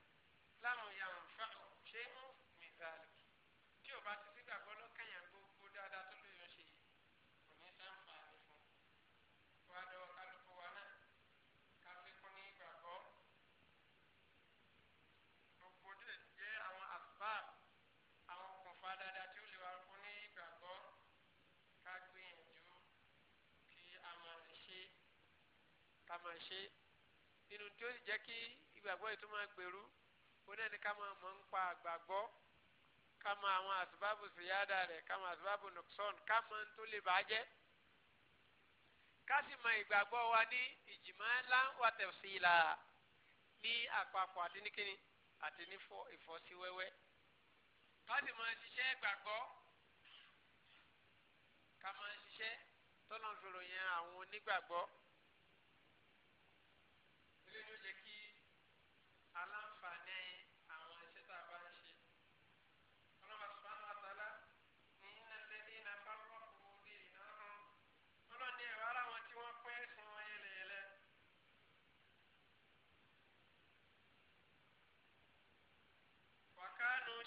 máa ṣe nínú tí ó sì jẹ́ kí ìgbàgbọ́ yìí tó máa gbèrú ó náà ní ká máa mọ̀ ń pa àgbàgbọ́ ká máa àwọn àsìbábù síyáda rẹ̀ ká máa àsìbábù nùksọ́n ká máa ń tó lè bàjẹ́ ká sì mọ ìgbàgbọ́ wa ní ìjìmọ̀lá wa tẹ̀síìlà ní àpapọ̀ àti níkíni àti ní ìfọ́síwẹ́wẹ́ ká sì máa ṣiṣẹ́ ìgbàgbọ́ ká máa ṣiṣẹ́ tọ́lọ́nfẹ̀rọ̀ yẹn àwọn onígbàgbọ́.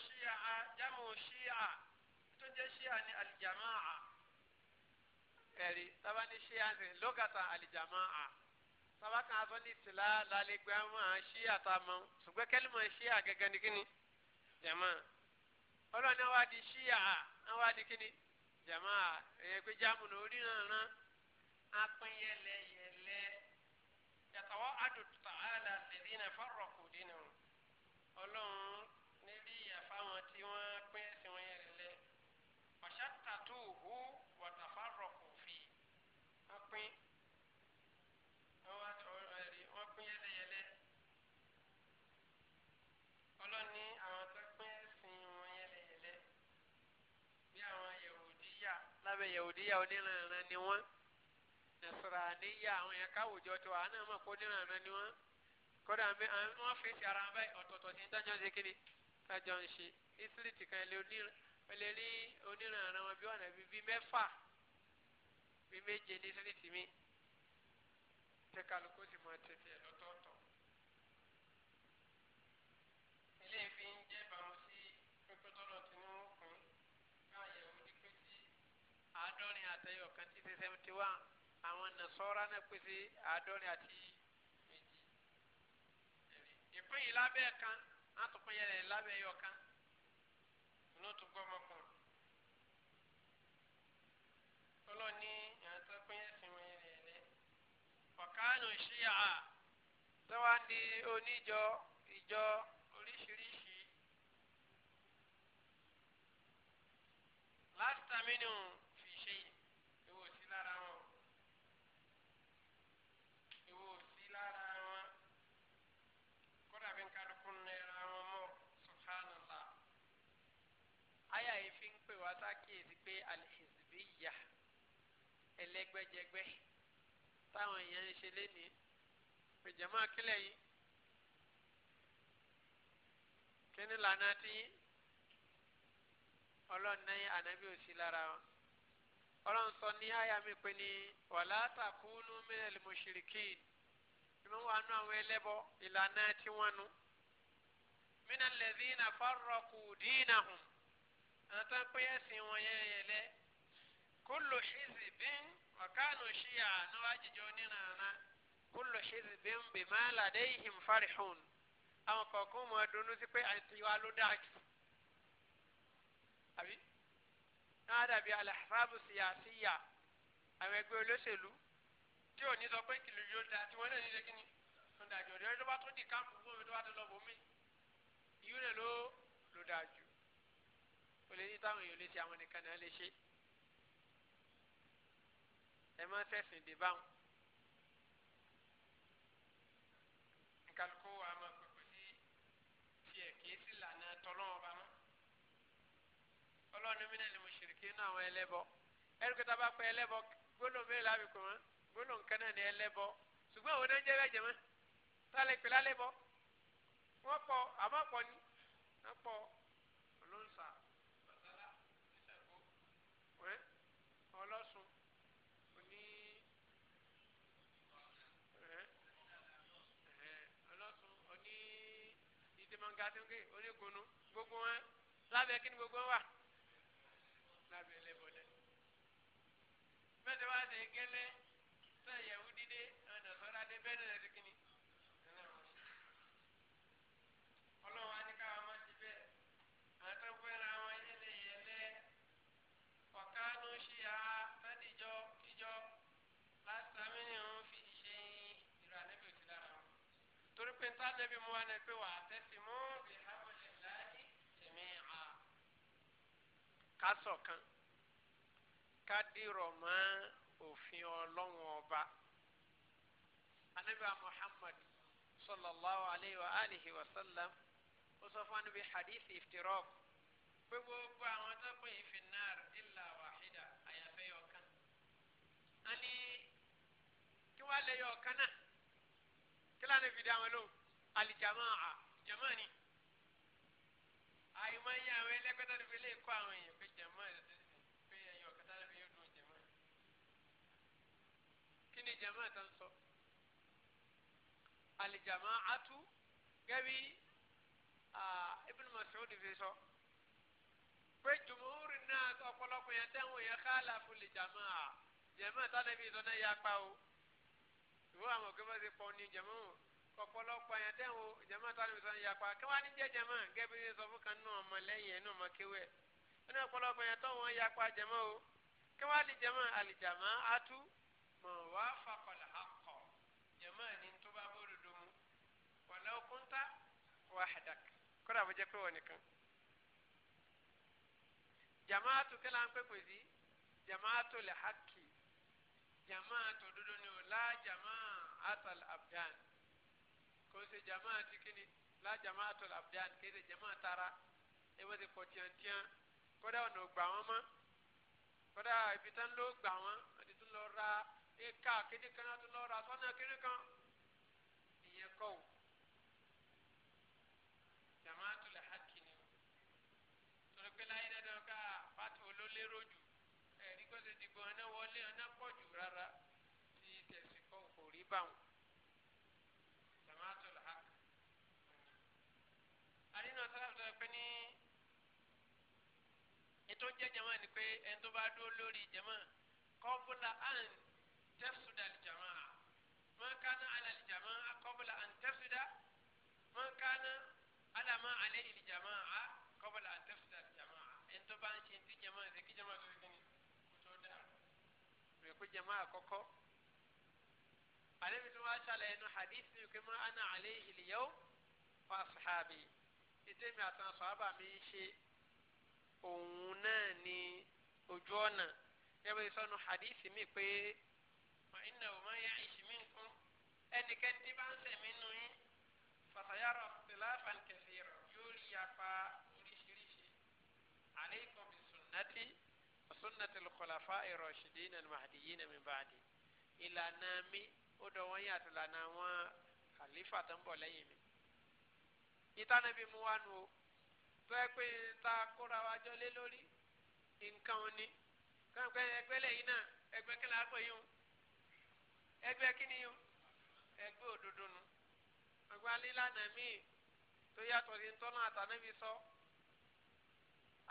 ṣíà jámù ṣíà tó jẹ́ ṣíà ní alìjàmáà ẹ̀rí sábà ní ṣíà ní lókàtà alìjàmáà sábà kan aṣọ ní ìtìlá lálẹ́gbẹ́ àwọn ṣíà tá a mọ̀ ṣùgbọ́n kẹ́lìmọ̀ ṣíà gẹ́gẹ́ ní kíni jàmá ọlọ́ni àwa di ṣíà àwa di kíni jàmá ẹ̀yẹ pé jámù ní orí náà rán apẹ́yẹlẹyẹlẹ yàtọ̀ wọ́n adùn tààlà lẹ́dínà fọ́rọ̀kù dínà ọlọ́run wọ́n pín ẹ̀sìn wọn yẹn lẹ̀ ọ̀ṣà tàtó òhó wọ̀tàfàrọ̀ kò fi wọ́n pín wọ́n pín yẹlẹyẹlẹ ọlọ́ni àwọn tó pín ẹ̀sìn wọn yẹlẹyẹlẹ bí àwọn yahudiyà lábẹ́ yahudiyà oníranran ni wọ́n nasaraniya àwọn yẹn káwùjọ tó àwọn náà mọ̀ kó oníranran ni wọ́n kódà wọ́n fèsì ara wọn báyìí ọ̀tọ̀ọ̀tọ̀ sí ní tọ́jú ọ̀sẹ̀ kínní tájọ ń ṣe ísírìtì kan ẹlẹ́ rí oníranran wọn bí ọ̀nà bíi mẹ́fà bíi méje ní ísírìtì mi tẹ kálukú sì mọ tètè lọ́tọ̀ọ̀tọ̀. ilé ìfi ń jẹ́ bàmú sí pípẹ́tọ́nà tinubu kún báyẹ̀wò dípẹ́ sí àádọ́rin àtẹyọ̀ kan ti ṣe seventy one àwọn nàṣọ́ra náà pèsè àádọ́rin àti méjì. ìpín yìí lábẹ́ kan atukun yẹlẹ labẹ yọkan inú tó gbọ ọmọkùnrin ọlọ́ni ìrántọ́kùn yẹn sìn wọ́n yẹlẹ yẹlẹ ọ̀kánù ṣíyà sọ́wọ́n di oníjọ ìjọ oríṣiríṣi lásìtàmínú. jẹgbẹ́jẹgbẹ́ táwọn èèyàn ń ṣe lénìí pèjẹmọ akílẹ yìí kíni lànà tí ọlọ́run náà ànábì ò sí lára wọn ọlọ́run sọ ní àyà mi pé ní wàlá takunu minal mushrikin ìmọ̀ wà nù àwọn ẹlẹ́bọ ìlànà tí wọ́n nu minal ladhina farraqu dinahum àtàkùn ẹ̀sìn wọn yẹn yẹlẹ kullu hizbin. وكانوا شيعا نواججوننا كل حزب بما لديهم فرحون àwọn kọ̀ọ̀kan mọ̀ ẹ̀dùnú sí pé àti wa ló dáa jù àbí náà dàbí al-ahzabu siyasiyya àwọn ẹgbẹ́ olóṣèlú tí ò ní sọ pé kìlú yóò dáa tí wọ́n náà ní ṣe kíni wọ́n dáa jù ọ̀dẹ́ tó bá tó di káàpù fún mi tó bá tó lọ bò mí ìyú rẹ̀ ló ló dáa jù ó lè ní táwọn èèyàn lè ṣe àwọn nìkan náà lè ṣe é ẹ má sẹ́sìn dè báwọn. nkálukú wa máa pèpè sí tiẹ̀ kìí sí lànà tọ́lọ́wọ́n bá mọ́. ọlọ́run mi náà ni mo ṣèrìkì nínú àwọn ẹlẹ́bọ ẹ̀rù kí tá a bá pẹ́ ẹlẹ́bọ gbólóhùn mélòó lábì pè wọ́n gbólóhùn kan náà ni ẹlẹ́bọ ṣùgbọ́n àwọn oníjẹ́ bẹ́ẹ̀ jẹ̀mọ́ tá a lè pè lálẹ́bọ wọ́n pọ̀ àmọ́ pọ̀ ni wọ́n pọ̀ àtúnkè onígunnu gbogbo wọn lábẹ́ kí ni gbogbo wọn wà lábẹ́ ẹlẹ́bọ̀dẹ. bẹ́ẹ̀ wá ṣe gẹ́lẹ́ sẹ́yẹ̀wú dídé ọ̀nà sọ́ra dé bẹ́ẹ̀ náà ti kíni tánàbí mu wá ní pé wà á tẹ́sí mú bí hábùlì láàyè tèmi à. ká ṣọ̀kan ká dìrọ̀ mọ́ òfin ọlọ́run ọba. anábìá muhammad sallallahu alayhi wa alihi wa sallam ó sọ fún anábìá hadith iftirab pé gbogbo àwọn tó pè é fi náà illa àyàfẹ́ yọ̀ọ̀kan. a ní kí wàá lè yọ̀ọ̀kan náà kí lóun fi dá lóhùn alìjàmáà jàmáà ni àìmọ̀ iye àwọn ẹlẹ́gbẹ́ta ló fi lè kọ́ àwọn èèyàn pé jàmáà pé ẹyọ kẹta ló fi yóò dùn jàmáà kí ni jàmáà tó ń sọ alìjàmáà atu gẹ́bí Ibn Mas'ud fi sọ pé jùmọ̀úrì náà ọ̀pọ̀lọpọ̀ yẹn tẹ́wọ̀n yẹn kálá fún lè jàmáà jàmáà tánàbí ìtọ́ná yapa o ìwọ àwọn òkè bá ti pọ̀ ní jàmáà o ọ̀pọ̀lọpọ̀ àyàn tẹ́wọ̀n jama tó alẹ́ sọ́n yapa kí wọ́n á ní jẹ́ jama gẹ́gẹ́ bí sọ fún kan náà ọmọ lẹ́yìn ẹ̀ náà ọmọ kéwẹ́ ẹ̀ ní ọ̀pọ̀lọpọ̀ àyàn tó wọ́n yapa jama o kí wọ́n á lè jama àlìjàmá atú mọ̀ wá fakọ̀lá akọ̀ jama ni tó bá bóru domu wàlá okunta wàhadak kódà bó jẹ́ pé wọ́n nìkan. jama atu kí láǹpẹ́ pè sí jama atu lè hakì jama tó dúdú ni o lá jama atal abdan kò ń ṣe jamaa ti kíni la jamaa tó la abdan kì í ṣe jamaa tara ẹ wọ́n ti pọ̀ tiẹ̀tiẹ̀ kódà ọ̀nà gbà wọ́n mọ́ kódà ibi tán ló gbà wọ́n àti tún lọ ra ẹ̀ka kéde kan tó ra sọ́nà kéde kan ìyẹn kọ́ tó jẹ́ jama ni pé ẹni tó bá dúró lórí jama kọ́bùlà àn tẹ́sùdà jama mọ́kànnà alàlì jama kọ́bùlà àn tẹ́sùdà mọ́kànnà alàmà alẹ́ ìlì jama kọ́bùlà àn tẹ́sùdà jama ẹni tó bá ń ṣe ti jama rẹ̀ kí jama tó gbẹ́ni kó tó dà rẹ̀ kó jama àkọ́kọ́ alẹ́ mi tó wá ṣàlàyé nu hadith mi kí mọ́ ana alẹ́ ìlì yẹ́wò fún asuhabi ìdí mi àtàn sọ́ábà mi ṣe òun náà ni ojú ọ̀nà yẹ́bí sọ́nu hadithi mi pé màínà ò máa yá ìṣí mi nǹkan ẹnikẹ́ni tí bá ń sẹ̀mí nù yín fàtàyàrọ̀ tìláfàn kẹsì rẹ̀ yóò rí apá oríṣiríṣi alaykum bi sunnati wa sunnati lukulafa irọ̀ṣidina mahdiyina min baadi ìlànà mi ó dọ̀ wọ́n yàtọ̀ lànà wọn khalifa tó ń bọ̀ lẹ́yìn mi ìtànà bí mu wá nu o tó yẹ pé ta kóra wa jọ lé lórí nǹkan ò ní kàn pé ẹgbẹ́ lẹ́yìn náà ẹgbẹ́ kí láàpọ̀ yìí ń ẹgbẹ́ kí ni yìí ń ẹgbẹ́ òdodo nu ẹgbẹ́ alílànà míì tó yàtọ̀ sí ntọ́nà àtànẹ́bí sọ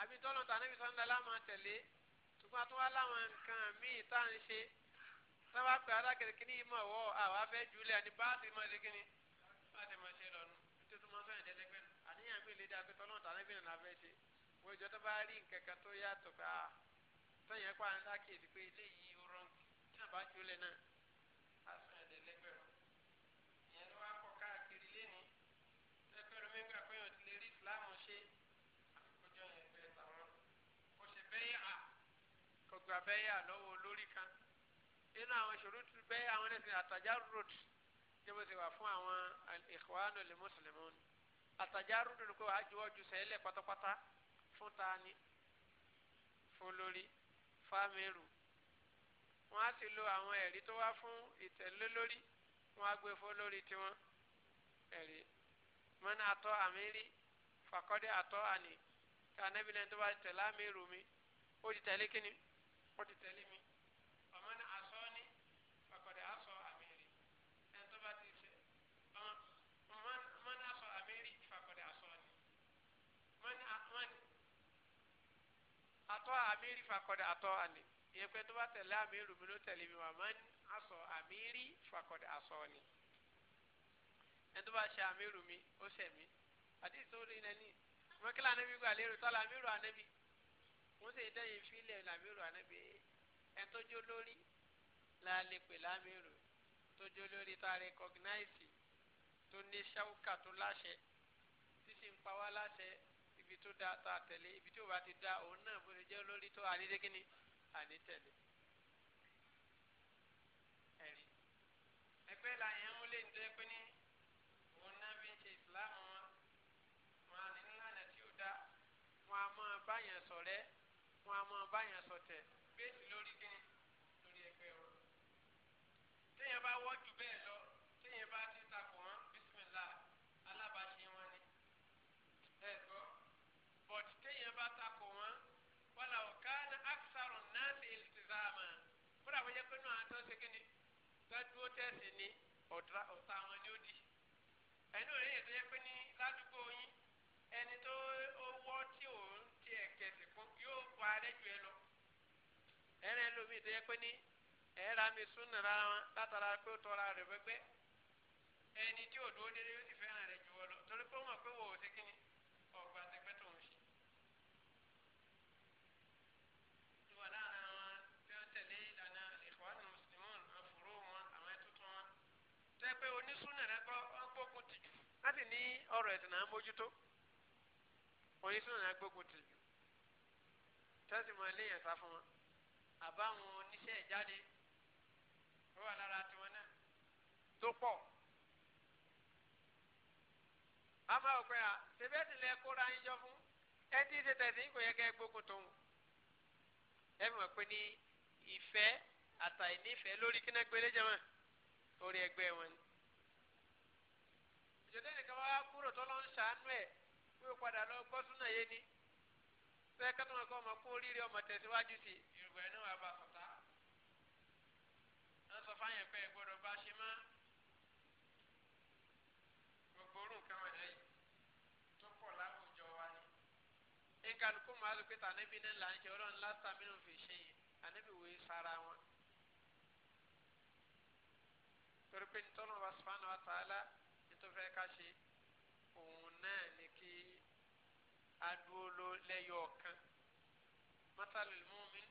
àbí ntọ́nà àtànẹ́bí sọ ńlá láwọn tẹ̀lé ṣùgbọ́n àtúwá láwọn nǹkan míì tá à ń ṣe sábà pé alágẹ̀rẹ̀ kí ni yìí mọ̀ àwa fẹ́ jùlẹ̀ àní báàsì mọ̀ ṣe kí ni. jà pé tọ́lọ́ tàbí nà fẹ́ ṣe wọ́n ìjọ tó bá rí nǹkan kan tó yàtọ̀ pé ah, a tọ́yìn pa ńlá kéde pé eléyìí ó rọrùn tí wọ́n bá jólẹ̀ náà á sọ ẹ̀dẹ̀ lẹ́gbẹ̀rún ìyẹn ló wá kọ́ káàkiri lẹ́nu lẹ́gbẹ̀rún mẹ́gbà pé yàn ti lè rí ìsìlámù ṣe àfikójọ yẹn pé tàwọn kò ṣe bẹ́yà kò gbà bẹ́yà lọ́wọ́ olórí kan inú àwọn ìṣòro tún bẹ́yà àwọn ẹ̀sìn àtàjà road jẹ́ bó ti wà fún àwọn Ikhwanul Muslimun ni àtàjárù dùnú pé wàá juwọ́ ju sẹ́lẹ̀ pátápátá fún tani fún lórí fámẹ́rù wọ́n á sì lo àwọn ẹ̀rí tó wá fún ìtẹ̀lé lórí wọ́n á gbé fún lórí tiwọn ẹ̀rí mọ́nà àtọ́ àmírí fàkọ́dé àtọ́ àní kí anábìlẹ̀ tó bá tẹ̀lé àmì rù ó ti tẹ̀lé kíni ó ti tẹ̀lé mi. àtọ́ àmírí fakọ̀dà àtọ́ àní ìyẹn pé tó bá tẹ̀lé àmírù mi ló tẹ̀lé mi wà má ní asọ àmírí fakọ̀dà asọ ni ẹni tó bá ṣe àmírù mi ó ṣẹ̀ mí àti ìsòrí nani mọ́kílá anábì gba lérò tọ́lá àmírù anábì wọ́n sì dẹ́yìn fílẹ̀ làmírù anábì ẹni tó jó lórí la lè pè lámírù tó jó lórí tá a recognize tó ní ṣáwùkà tó láṣẹ sísìn pa wá láṣẹ tó da tá a tẹ̀lé ibi tí ó bá ti da òun náà bó ṣe jẹ́ lórí tó àníde kíni àní tẹ̀lé. ẹ̀rí ẹgbẹ́ la yẹn ń lé ní tẹ́ pé ní òun náà fi ń ṣe ìsìláàmù wọn wọn á ní nílànà tí ó da wọn á máa báyàn ṣọ̀rẹ́ wọn á máa báyàn ṣọ̀tẹ̀ bẹ́ẹ̀sì lórí kíni lórí ẹgbẹ́ wọn. téèyàn bá wọ́jú jẹ́ pé náà tó ṣe kíni ládùúgbò tẹ̀sí ni ọ̀tá wọn ni ó di ẹni òun yẹn tó jẹ́ pé ní ládùúgbò yín ẹni tó wọ́ tí òun tiẹ̀ kẹsì fún yóò bọ alẹ́ ju ẹ lọ ẹrẹ lómi tó jẹ́ pé ní ẹ̀ẹ́dá mi sún nà rárá wọn látara pé ó tọ́ra rẹ̀ gbẹgbẹ́ ẹni tí ò dúró déédéé sì fẹ́ràn rẹ̀ ju ọ lọ torí pé ó mọ̀ pé wò ó ṣe kíni láti ní ọ̀rọ̀ ẹ̀sìn náà mójútó oní sùn náà gbógun tì tẹ́sí mọ eléyàn sá fún wọn àbáwọn oníṣẹ́ ìjáde ó wà lára tiwọn náà tó pọ̀ a máa wò pé à ṣẹbẹ́ tilẹ̀ kóra ń yọ fún ẹ ti ṣe tẹ̀sí kò yẹ kẹ́ gbógun tó ń ẹ mọ̀ pé ní ìfẹ́ àtàìnífẹ́ lórí kínágbélé jẹ́ mọ́ orí ẹgbẹ́ wọn ni ìjọdẹ́ nìkan wá kúrò tó lọ ń ṣàánú ẹ̀ pé ó padà lọ gbọ́ súnà yé ni fẹ́ kẹ́tọ́ wọn kọ́ ọmọ kó oríire ọmọ tẹ̀síwájú sí yorùbá ẹ̀ náà wà bá sọ̀tá wọ́n sọ fáyẹn pé gbọ́dọ̀ bá ṣe mọ́ gbogbo orun kan wọ̀ náà yìí tó pọ̀ láwùjọ wa ni nǹkan kó máa lò pé tànẹ́bí náà là ń ṣe ọlọ́run lásìtà mìíràn fi ṣe yìí ànẹ́bí wòye sára wọn torí pé nítorí wọn bá sọ fáwọn àtàlà fẹ́ ká ṣe òun náà ni kí adúló lẹ́yọ̀ ọ̀kan matalul mu'min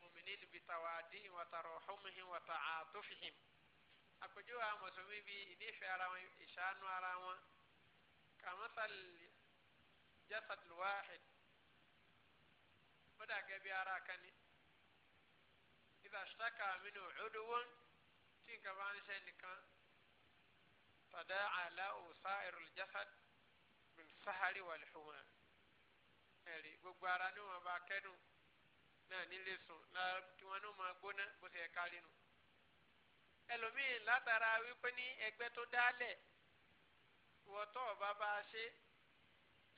mu'minin bitawadihim wa tarahumihim wa ta'atufihim àpèjúwe àwọn mùsùlùmí bíi ìnífẹ̀ ara wọn ìṣàánú ara wọn kàmásàl jasadul wahid ó dàgẹ́ bí ara kan ni ìdàṣítàkà minhu udwun tí nǹkan bá ń ṣe nìkan. فداعى له سائر الجسد بالسهر والحمى ẹ̀rí gbogbo ما ni wọn bá kẹ́dùn náà ما sùn lára tí wọn ní wọn gbóná bó ṣe ká nínú. ẹlòmíín látara wípé ní ẹgbẹ́ tó dálẹ̀ wọ́tọ̀ bàbá ṣe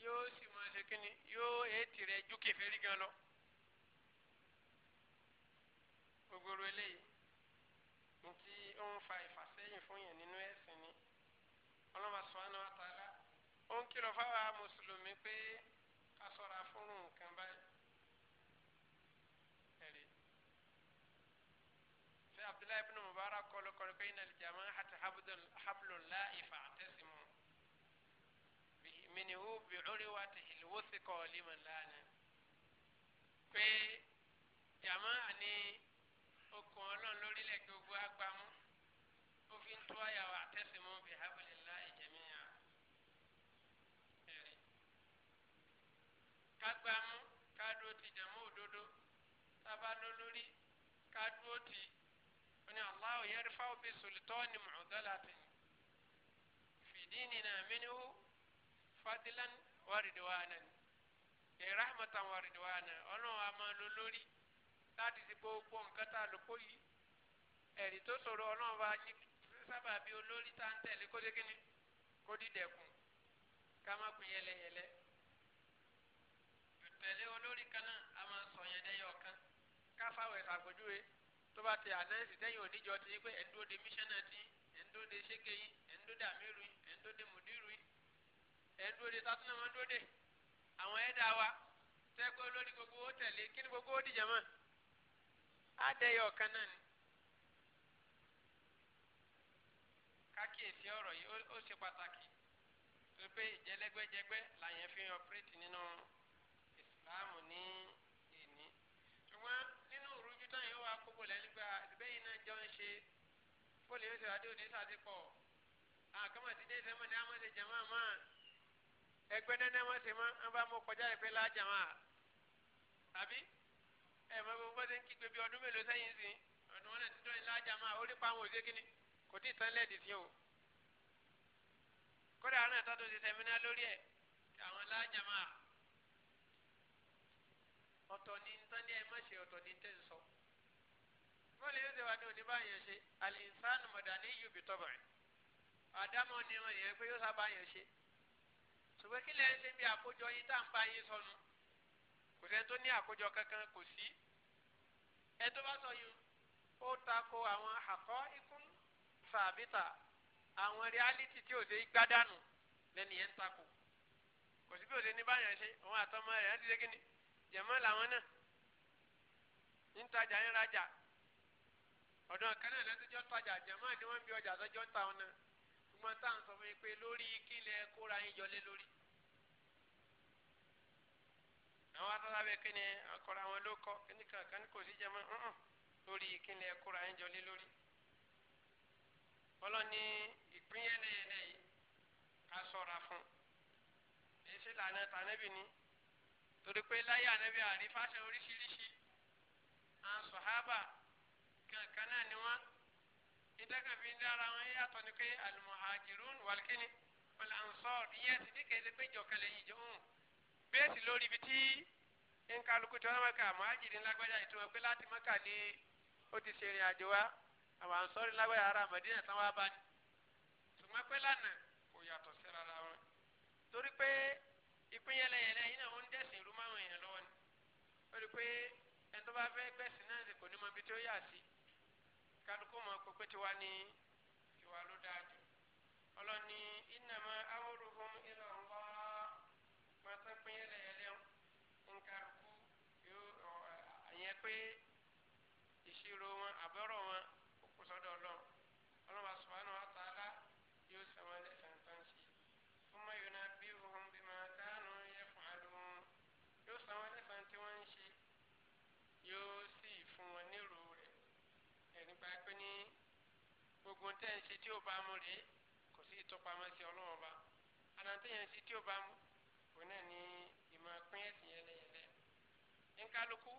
yóò sì máa ṣe kínní yóò gan lọ. gbogbo eléyìí ní tí ó fa ìfà ọlọ́mọ sọ́nà àtàlà ó ń kìlọ̀ fáwọn mùsùlùmí pé ká sọ̀rọ̀ afúnrún nǹkan báyìí. ẹ̀rí ṣé abdullahi ibn mubarak kọlu kọlu pé iná ìjàmọ́ àti hablun láìfà àtẹ̀símù mìnìhù bìcúríwá tìhìlì wọ́síkọ̀ liman lánàá pé jàmọ́ àní okùn ọlọ́run lórílẹ̀ gbogbo agbamu ó fi ń tó àyàwó àtẹ̀símù b ká gbámú ká dúró ti jẹ̀mọ́ òdodo tábà ló lórí ká dúró ti oní aláwọ̀ yẹrí fáwọn bíi sòlítọ́ọ̀nì mọ̀ọ́dọ́làtì fìdí nínú àmínú fadilan wàrìdìwánà ìrahmatan wàrìdìwánà ọlọ́run àmọ́ ló lórí láti ti gbogbo nǹkan tá a lò kó yìí ẹ̀rí tó sọ̀rọ̀ ọlọ́run bá yí sábà olórí tá à ń tẹ̀lé kó dé kíni kó dídẹ̀kùn ká má kun yẹlẹyẹlẹ tẹ̀lé olórí kan náà a máa sọ yẹn dẹ́yọ̀ kan káfáwọ̀ ẹ̀ sàgbójúwe tó bá ti ànáyèsí tẹ́yìn oníjọ ti pé ẹ̀ ń dóde míṣánná ti ẹ̀ ń dóde ṣéke yín ẹ̀ ń dóde àmírù yín ẹ̀ ń dóde mùdírù yín ẹ̀ ń dóde sátúnà máa ń dóde àwọn ẹ̀dá wa tẹ́gbẹ́ olórí gbogbo ó tẹ̀lé kí ni gbogbo ó dìjà mọ́ á dẹ́yọ̀ kan náà ni. kákíyèsí ọ̀rọ̀ yìí ó ṣe pàtàkì tó pé ìjẹ́lẹ́gbẹ́jẹgbẹ́ làyẹn fi hàn pírẹ́tì nínú. No ìsìláàmù ní ìní ṣùgbọ́n nínú òrùjú táyà wà kókó lẹ́nu gba àtìbẹ́yìn náà jọ ń ṣe fóòlù yóò ṣe wá dé òní sàdépọ̀ àkàmọ̀ ti dé sẹ́mọ̀ ní àmọ́ ṣe jàmọ́ àmọ́ ẹgbẹ́ nẹ́nẹ́ wọ́n ṣe mọ́ wọ́n bá mú kọjá ìpẹ́ lájàmọ́ àbí ẹ̀ mọ́ gbogbo ṣe ń kígbe bí ọdún mélòó sẹ́yìn sí ọdún wọn náà ti dọ́yìn lájàmọ́ orí pa àwọn òṣèké ni kò tí ì tán lẹ́ẹ̀dì sí o kódà àwọn àtàtò ṣe sẹ́mínà lórí ẹ̀ àwọn lájàmọ́ ọ̀tọ̀ ni ntán ní ẹ má ṣe ọ̀tọ̀ ni tẹ́ ń sọ. bọ́ọ̀lù yóò ṣe wá ní òní ṣe àlìsàn mọ̀dàní yóò bí tọ́bìrin ni wọn yẹn pé yóò sábà yẹn ṣe. ṣùgbọ́n kí lẹ́yìn ṣe bí àkójọ yín tá à ń bá yín sọnù kò sẹ́ni tó ní àkójọ kankan kò sí. ẹ tó bá sọ yín ó tako àwọn àkọ́ ikún sàbítà àwọn reality tí ò ṣe gbádànù lẹ́nu yẹn ń tako kò sí bí ò ṣe ní ṣe òun àtọmọ rẹ̀ ẹ́ ti ṣe kí ni jẹ̀mọ́ làwọn náà ń tajà ń rajà ọ̀dọ̀ kan náà lọ́sọ́jọ́ ń tajà jẹ̀mọ́ ni wọ́n ń bí ọjà sọ́jọ́ ń ta wọn náà ṣùgbọ́n tá à ń sọ fún yín pé lórí kílẹ̀ kóra yín jọlé lórí. àwọn atọ́lá bẹ kí ni akọ̀rọ̀ àwọn ló kọ́ kí ni kankan kò sí jẹ̀mọ́ lórí kílẹ̀ kóra yín jọlé lórí. ọlọ́ni ìpínyẹ́lẹ́yẹlẹ́ yìí ká sọ̀ra fún èsì lànà tànẹ́bì ni torí pé láyé ànábì àrí fáṣọ oríṣiríṣi àwọn sọ̀hábà kankan náà ni wọ́n ìdẹ́kan fi ń dára wọn yàtọ̀ ni pé al-muhajirun wàlkínni wal ansar ìyẹn ti dí kéde pé jọ̀kẹ́lẹ̀ yìí jọ hùn bẹ́ẹ̀sì lórí ibi tí nkálukú tí wọ́n máa ka muhajiri lágbájá ìtumọ̀ pé láti Mákà ni ó ti ṣe ìrìn àjò wa àwọn ansọ́rí lágbájá ara Mẹdínà tán wá bá ní ṣùgbọ́n pé lánàá kò yàtọ̀ sí rárá wọn torí pé ìpínyẹlẹyẹlẹ yìí náà ó ń dẹ̀sìn r torí pé ẹni tó bá fẹ́ gbẹ̀sìn náà kò ní mọ ibi tí ó yà sí kálukú mọ pé tiwa tiwa ló ọlọ́ni ìnàmọ́ pín yẹlẹyẹlẹ nkálukú yóò ẹ̀yẹ pé ìṣirò wọn àbọ̀rọ̀ wọn. tí ó bá mu rèé kò sí ìtọ́pamọ́ sí ọlọ́run ọba àdáńtẹ́yẹn sí tí ó bá mu òun náà ní ìmọ̀ pín ẹ̀sìn yẹn lẹ́yìn lẹ́yìn nkálukú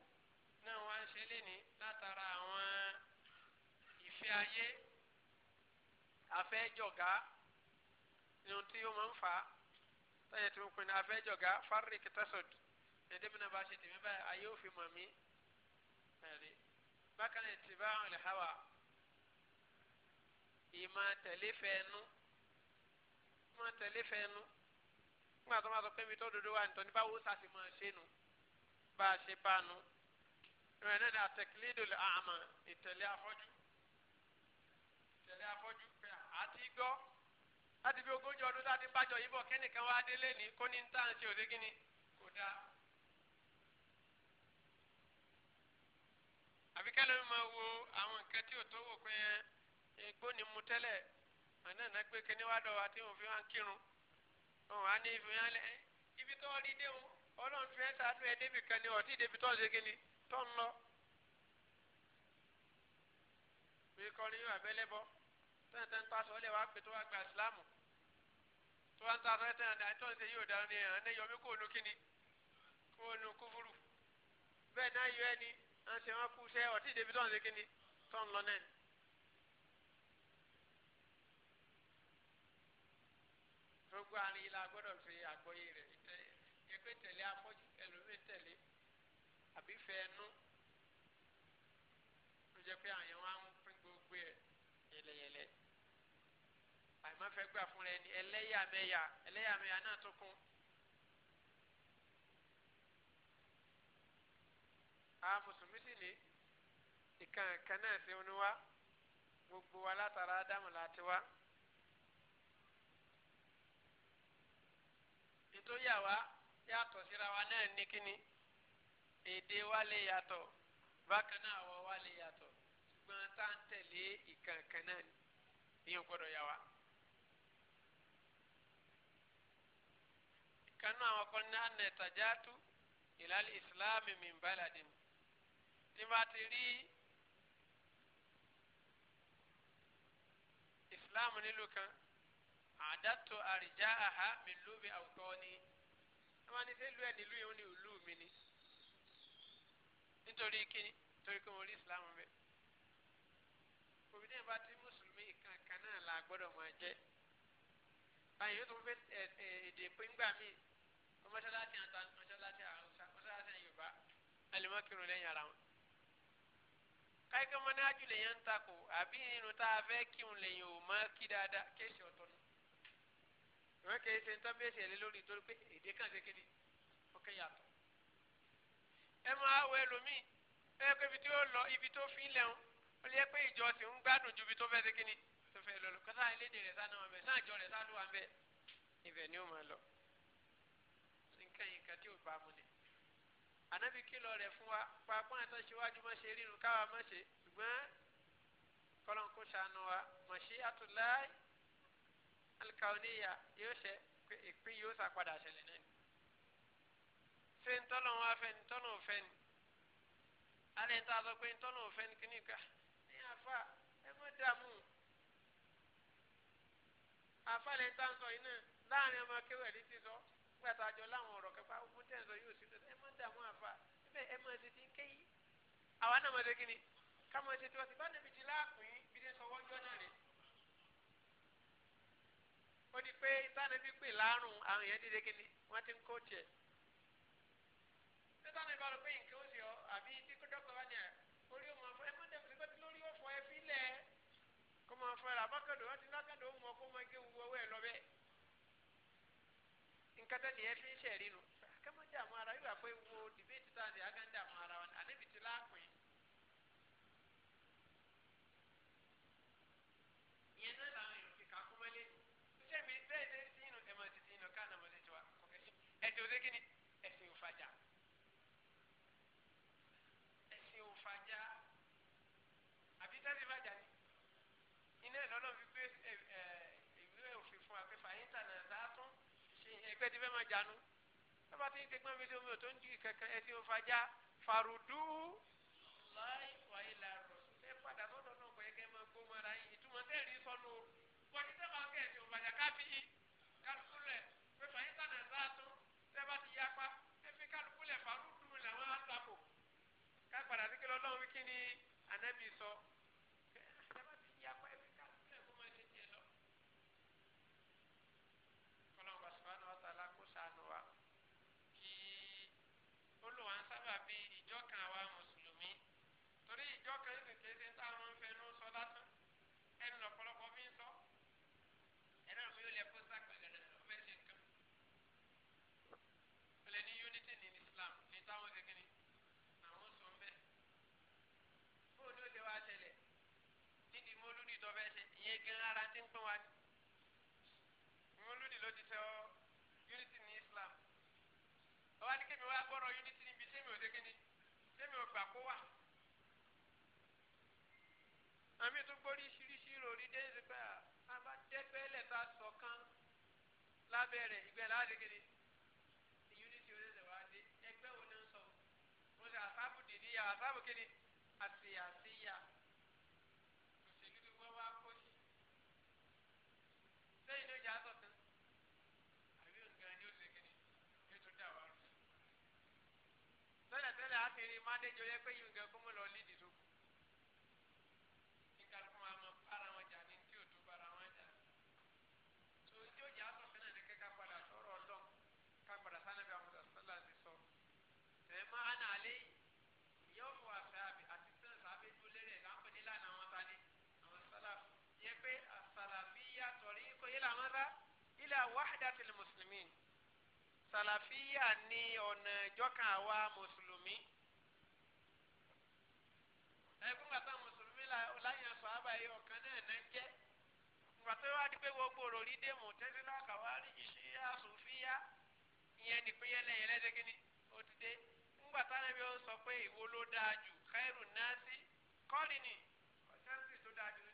náà wá ń ṣe léni látara àwọn ìfẹ́ ayé afẹ́jọ̀gá irun tí ó máa ń fà á tí mo pin ní afẹ́jọ̀gá fáríkì tẹ́sọ̀d ẹ̀ẹ́dẹ́gbẹ̀rún bá ṣe tèmi báyìí ayé òfin mọ̀ mí bákan náà ti bá àwọn ilẹ̀ hawa ìmọ̀ tẹ̀lé fẹ́ẹ́nu ìmọ̀ tẹ̀lé fẹ́ẹ́nu nígbà tó máa sọ pé mi tó dodo wà nítorí báwo sàṣì máa ṣe nu bá a ṣe bá nu ìrìn náà ni àtẹ̀kílídò àmà ìtẹ̀lé afọ́jú ìtẹ̀lé afọ́jú pé àti gbọ́ láti bí ogójì ọdún láti bájọ yìí bọ̀ kẹ́nìkan wá délé ní kó ní tá à ń ṣe òdégínì kò dáa. àbíkẹ́ ló ń máa wo àwọn nǹkan tí ò tó wò pé ẹ́ igbó ni mu tẹ́lẹ̀ àná ìná pé kíní wá dọ̀ wá tí òun fi wá ń kírun òun á ní ìfi hàn lẹ́ ibi tó rí dé òun ọlọ́run fi hàn sàánú ẹ débi kan ní ọ̀tí débi tó ń ṣe kíni tó ń lọ. pé kọrin yóò abẹ́lẹ́ bọ́ tẹ́lẹ̀ tẹ́lẹ̀ tó aṣọ lẹ̀ wá pé tó wá gba ìsìlámù tó wá ń ta aṣọ tẹ́lẹ̀ tó ń yóò dáhùn ní ẹ̀ ẹ̀ yọmí kó kíni kó kúfúrú bẹ́ẹ̀ náà yọ ẹni à ń ṣe wọn kú iṣẹ́ ọ̀tí débi tó ń ṣe kíni tó ń lọ náà gbogbo àárín la gbọ́dọ̀ fi àgbọ́yé rẹ̀ yẹ pé tẹ̀lé afọ́jú ẹlòmíì tẹ̀lé àbí fẹ́ ẹnu ló jẹ́ pé àyàn wa ń pín gbogbo ẹ̀ yẹlẹyẹlẹ àìmọ́ fẹ́ gbà fún rẹ ni ẹlẹ́yàmẹ̀yà ẹlẹ́yàmẹ̀yà náà tó kún. àwọn mùsùlùmí sì ní ìkànnì kan náà sí wọn wá gbogbo wa látara ádámù láti wá. tó yà wá yàtọ̀ síra wa náà ní kíni èdè wa lè yàtọ̀ bákan náà àwọ̀ wa lè yàtọ̀ ṣùgbọ́n tá ń tẹ̀lé ìkànkàn náà ni ìyẹn gbọ́dọ̀ yà wá. kanu àwọn kan ní àná ìtajáàtú ìlàlẹ̀ ìsìláàmù min baladin tí wọ́n ti rí ìsìláàmù nílùú kan àdàtò àrìjá àhá mi lóbi àwùtọ́ ni wọ́n ní sẹ́ lu ẹ̀ nílùú yìí ó ní ìlú mi ni nítorí kíni nítorí kí wọ́n rí islam bẹ́ẹ̀ obìnrin bá ti mùsùlùmí kankan náà la gbọ́dọ̀ máa jẹ́ báyìí yóò tún fẹ́ èdè pínpá mi mọ́ṣáláṣí àtàn mọ́ṣáláṣí àwùsá mọ́ṣáláṣí yorùbá alimakirun lẹ́yìn ara wọn. káyọ̀kẹ́ mọ́nájú lèyàn ń takò àbí irun tá a fẹ́ kírun lèyìn ò mọ́ kí dáadáa kéṣì ọ̀t ìwé kìí ṣe ń tọ́ bí èsì ẹ̀lẹ́ lórí torí pé èdè kan ṣe kíni ọkẹ́ yàtọ̀ ẹ máa wọ ẹlòmíì ẹ yẹ pé ibi tí ó lọ ibi tó fi ń lẹ́hún ó lè yẹ pé ìjọ sì ń gbádùn ju ibi tó fẹ́ ṣe kíni tó fẹ́ lọ lọ kọ́tà ilédè rẹ̀ sáà náà mẹ́ sáà ìjọ rẹ̀ sáà ló wà mẹ́ ibẹ̀ ni ó máa lọ nǹkan yìí nǹkan tí ò bá mu ni ànábì kìlọ̀ rẹ̀ fún wa pàápàá àti aṣíwájú má ṣe ríru káwa má ṣe ṣùgbọ́n kọ́lọ́n alikaoniya yóò ṣe pé ìpín yóò ṣàpadà ṣẹlẹ̀ náà ni ṣé ntọ́nà wa fẹ́ ni ntọ́nà òfẹ́ ni alẹ́ ń ta sọ pé ntọ́nà òfẹ́ ni kíní ká ní àfa ẹ mọ̀ dààmú àfa lẹ́ ń ta sọ yìí náà láàrin ọmọ akéwẹ̀ ní ti sọ gbàtà àjọ láwọn ọ̀rọ̀ kẹfà ogun tẹ̀ ń sọ yóò sí lọ ẹ mọ̀ dààmú àfa ẹ ẹ mọ̀ tètè kéyìí àwa náà mọ̀ tẹ́ kíni ká mọ̀ tètè wọ́n ti bá níbi ti láàpín bí ti sọ wọ́n ó di pé ìtànàbí pè lárùn àwọn èèyàn dídé kí ni wọ́n ti ń kó tiẹ̀. sítánà ìbára pé nǹkan ó sì ọ àbí tí dókítà bá ní à orí ọmọ afọ ẹ má dẹ̀ fi gbọ́dọ̀ lórí ọ̀fọ̀ ẹ fi lẹ̀ kó máa fọ ẹ̀rọ abákàdọ̀ wọ́n ti lákàdọ̀ ó mọ kó máa gé owó ẹ̀ lọ bẹ́ẹ̀. nǹkan tẹ́ nìyẹn fi ń ṣẹ̀rí nu kẹ́mọ́jà mọ́ ara yóò wá pé wo dìbẹ́ẹ̀tì tá pẹ́ ti fẹ́ máa jánu tọ́ba tí ń ṣe gbọ́n mi ò tó ń jì kankan ẹ ti fajá farudu láì wáyé la rọ̀ ẹ padà sọ́dọ̀ náà kọ́ yẹ kẹ́ máa gbó mọ́ra yín ìtumọ̀ tẹ́ rí sọnù o bọ́dí tẹ́ máa kẹ́ ẹ̀ ti fajá káfí kálukú rẹ̀ pé fàyín sànà sáà tún tẹ́ bá ti yapa ẹ fi kálukú farudu làwọn á sàpò ká padà sí kí lọ́lọ́run kí ni ànábì sọ. unity níbi tẹ́mi ò dégé ni tẹ́mi ò gbà kó wà. àmì tó gbórí ṣíríṣí rori dé ìsìnkú a bá dẹ́gbẹ́lẹ̀ tá a sọ kán lábẹ́ ìgbẹ́ láti kéde unity oníṣẹ́ wa dé ẹgbẹ́ wo ni ń sọ wọn sọ àfáàbù dìní àfáàbù kéde àti àti. obìnrin má déjọ yẹ pé yìí nǹkan kó mọ̀ lọ lídìí sókun. kíkà fún wa máa bára wọn jà ní tí ò tó bára wọn jà. tó ijó jà sọ fẹ́ náà ní kẹ́kẹ́ padà sọ̀rọ̀ ọlọ́run ká padà sánà bí àwọn sọ̀rọ̀ ti sọ. ẹ̀ máa nà alẹ́ yóò wà sábẹ́ àti sẹ́n sábẹ́ tó lérè láǹpẹ̀ nílànà àwọn tani àwọn sálàfù. yẹ pé àsàlàfíyà tọ̀rí kò yẹ làwọn bá ilẹ̀ wàhádà tẹ̀lé mùsùlùmí sàlàfíyà ní ọ̀nà ìjọ́kàn àwa mùsùlùmí ẹgbẹ́ ńgbà táwọn mùsùlùmí láyàn sọ àbáyé ọ̀kan náà náà ń jẹ́ ńgbà tó wá di pé gbogbo òròrí dé mọ̀ tẹ́sílá kàwárí ìṣí àsòfíà ìyẹn nìpín yẹlẹ yẹlẹ ṣe kí ni ó ti dé ńgbà táwọn ẹbí ó sọ pé ìwo ló dáa jù káírù náà sí kọ́ọ̀lì ni ọ̀sẹ̀ǹsì tó dáa jù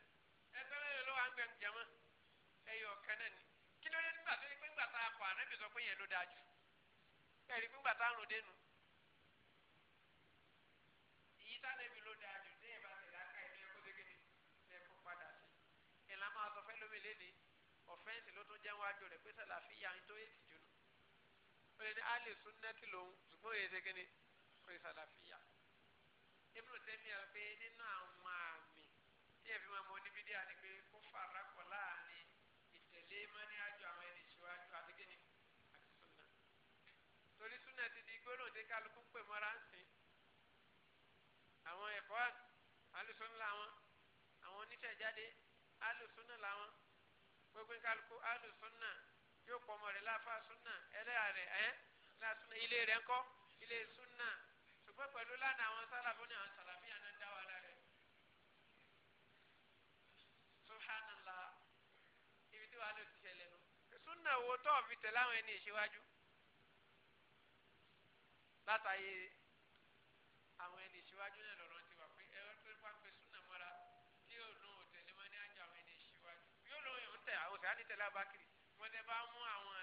ẹgbẹ́ lẹ́yìn ló wà ń gbẹ̀m jẹ́mọ́ ẹ̀yọ̀ ọ̀kan náà ni kí ló dé nígbà tó yẹ pé ńgbà tá a jẹun àjò rẹ̀ pé sàlàfíà ń tó èdè jùlọ ó lè ní alẹ́ súnẹ́tì lòun ṣùgbọ́n èyí ṣe kíni pé sàlàfíà ibùdó tẹ́mi à pé nínú àwọn àmì tí ẹ̀fí máa mọ oníbídé àti pé kó fara pọ̀ láàrin ìtẹ̀lé mọ́ni àjò àwọn ẹni ìṣíwájú àti kíni àti súnà torí súnà ti di gbólóhùn tí kálukú pè mọ́ra ń sìn àwọn ẹ̀kọ́ àlùsọ́nù làwọn àwọn oníṣẹ́ jáde pé kálukú alu sunna yóò pọ̀ ọmọ rẹ̀ láfa sunna ẹlẹ́yà rẹ̀ ẹ́ la sunna ilé rẹ̀ ńkọ́ ilé sunna ṣùgbọ́n pẹ̀lú lánàá àwọn sálàbù ní àwọn sálàbù yẹn náà dá wà lára ẹ̀. subhanallah ibi tí wàá lò ti ṣẹlẹ̀ nù. sunna wo tó fi tẹ̀ láwọn ẹni ìṣíwájú látàyè àwọn ẹni ìṣíwájú náà lábàkiri wọ́n tẹ́ bá mú àwọn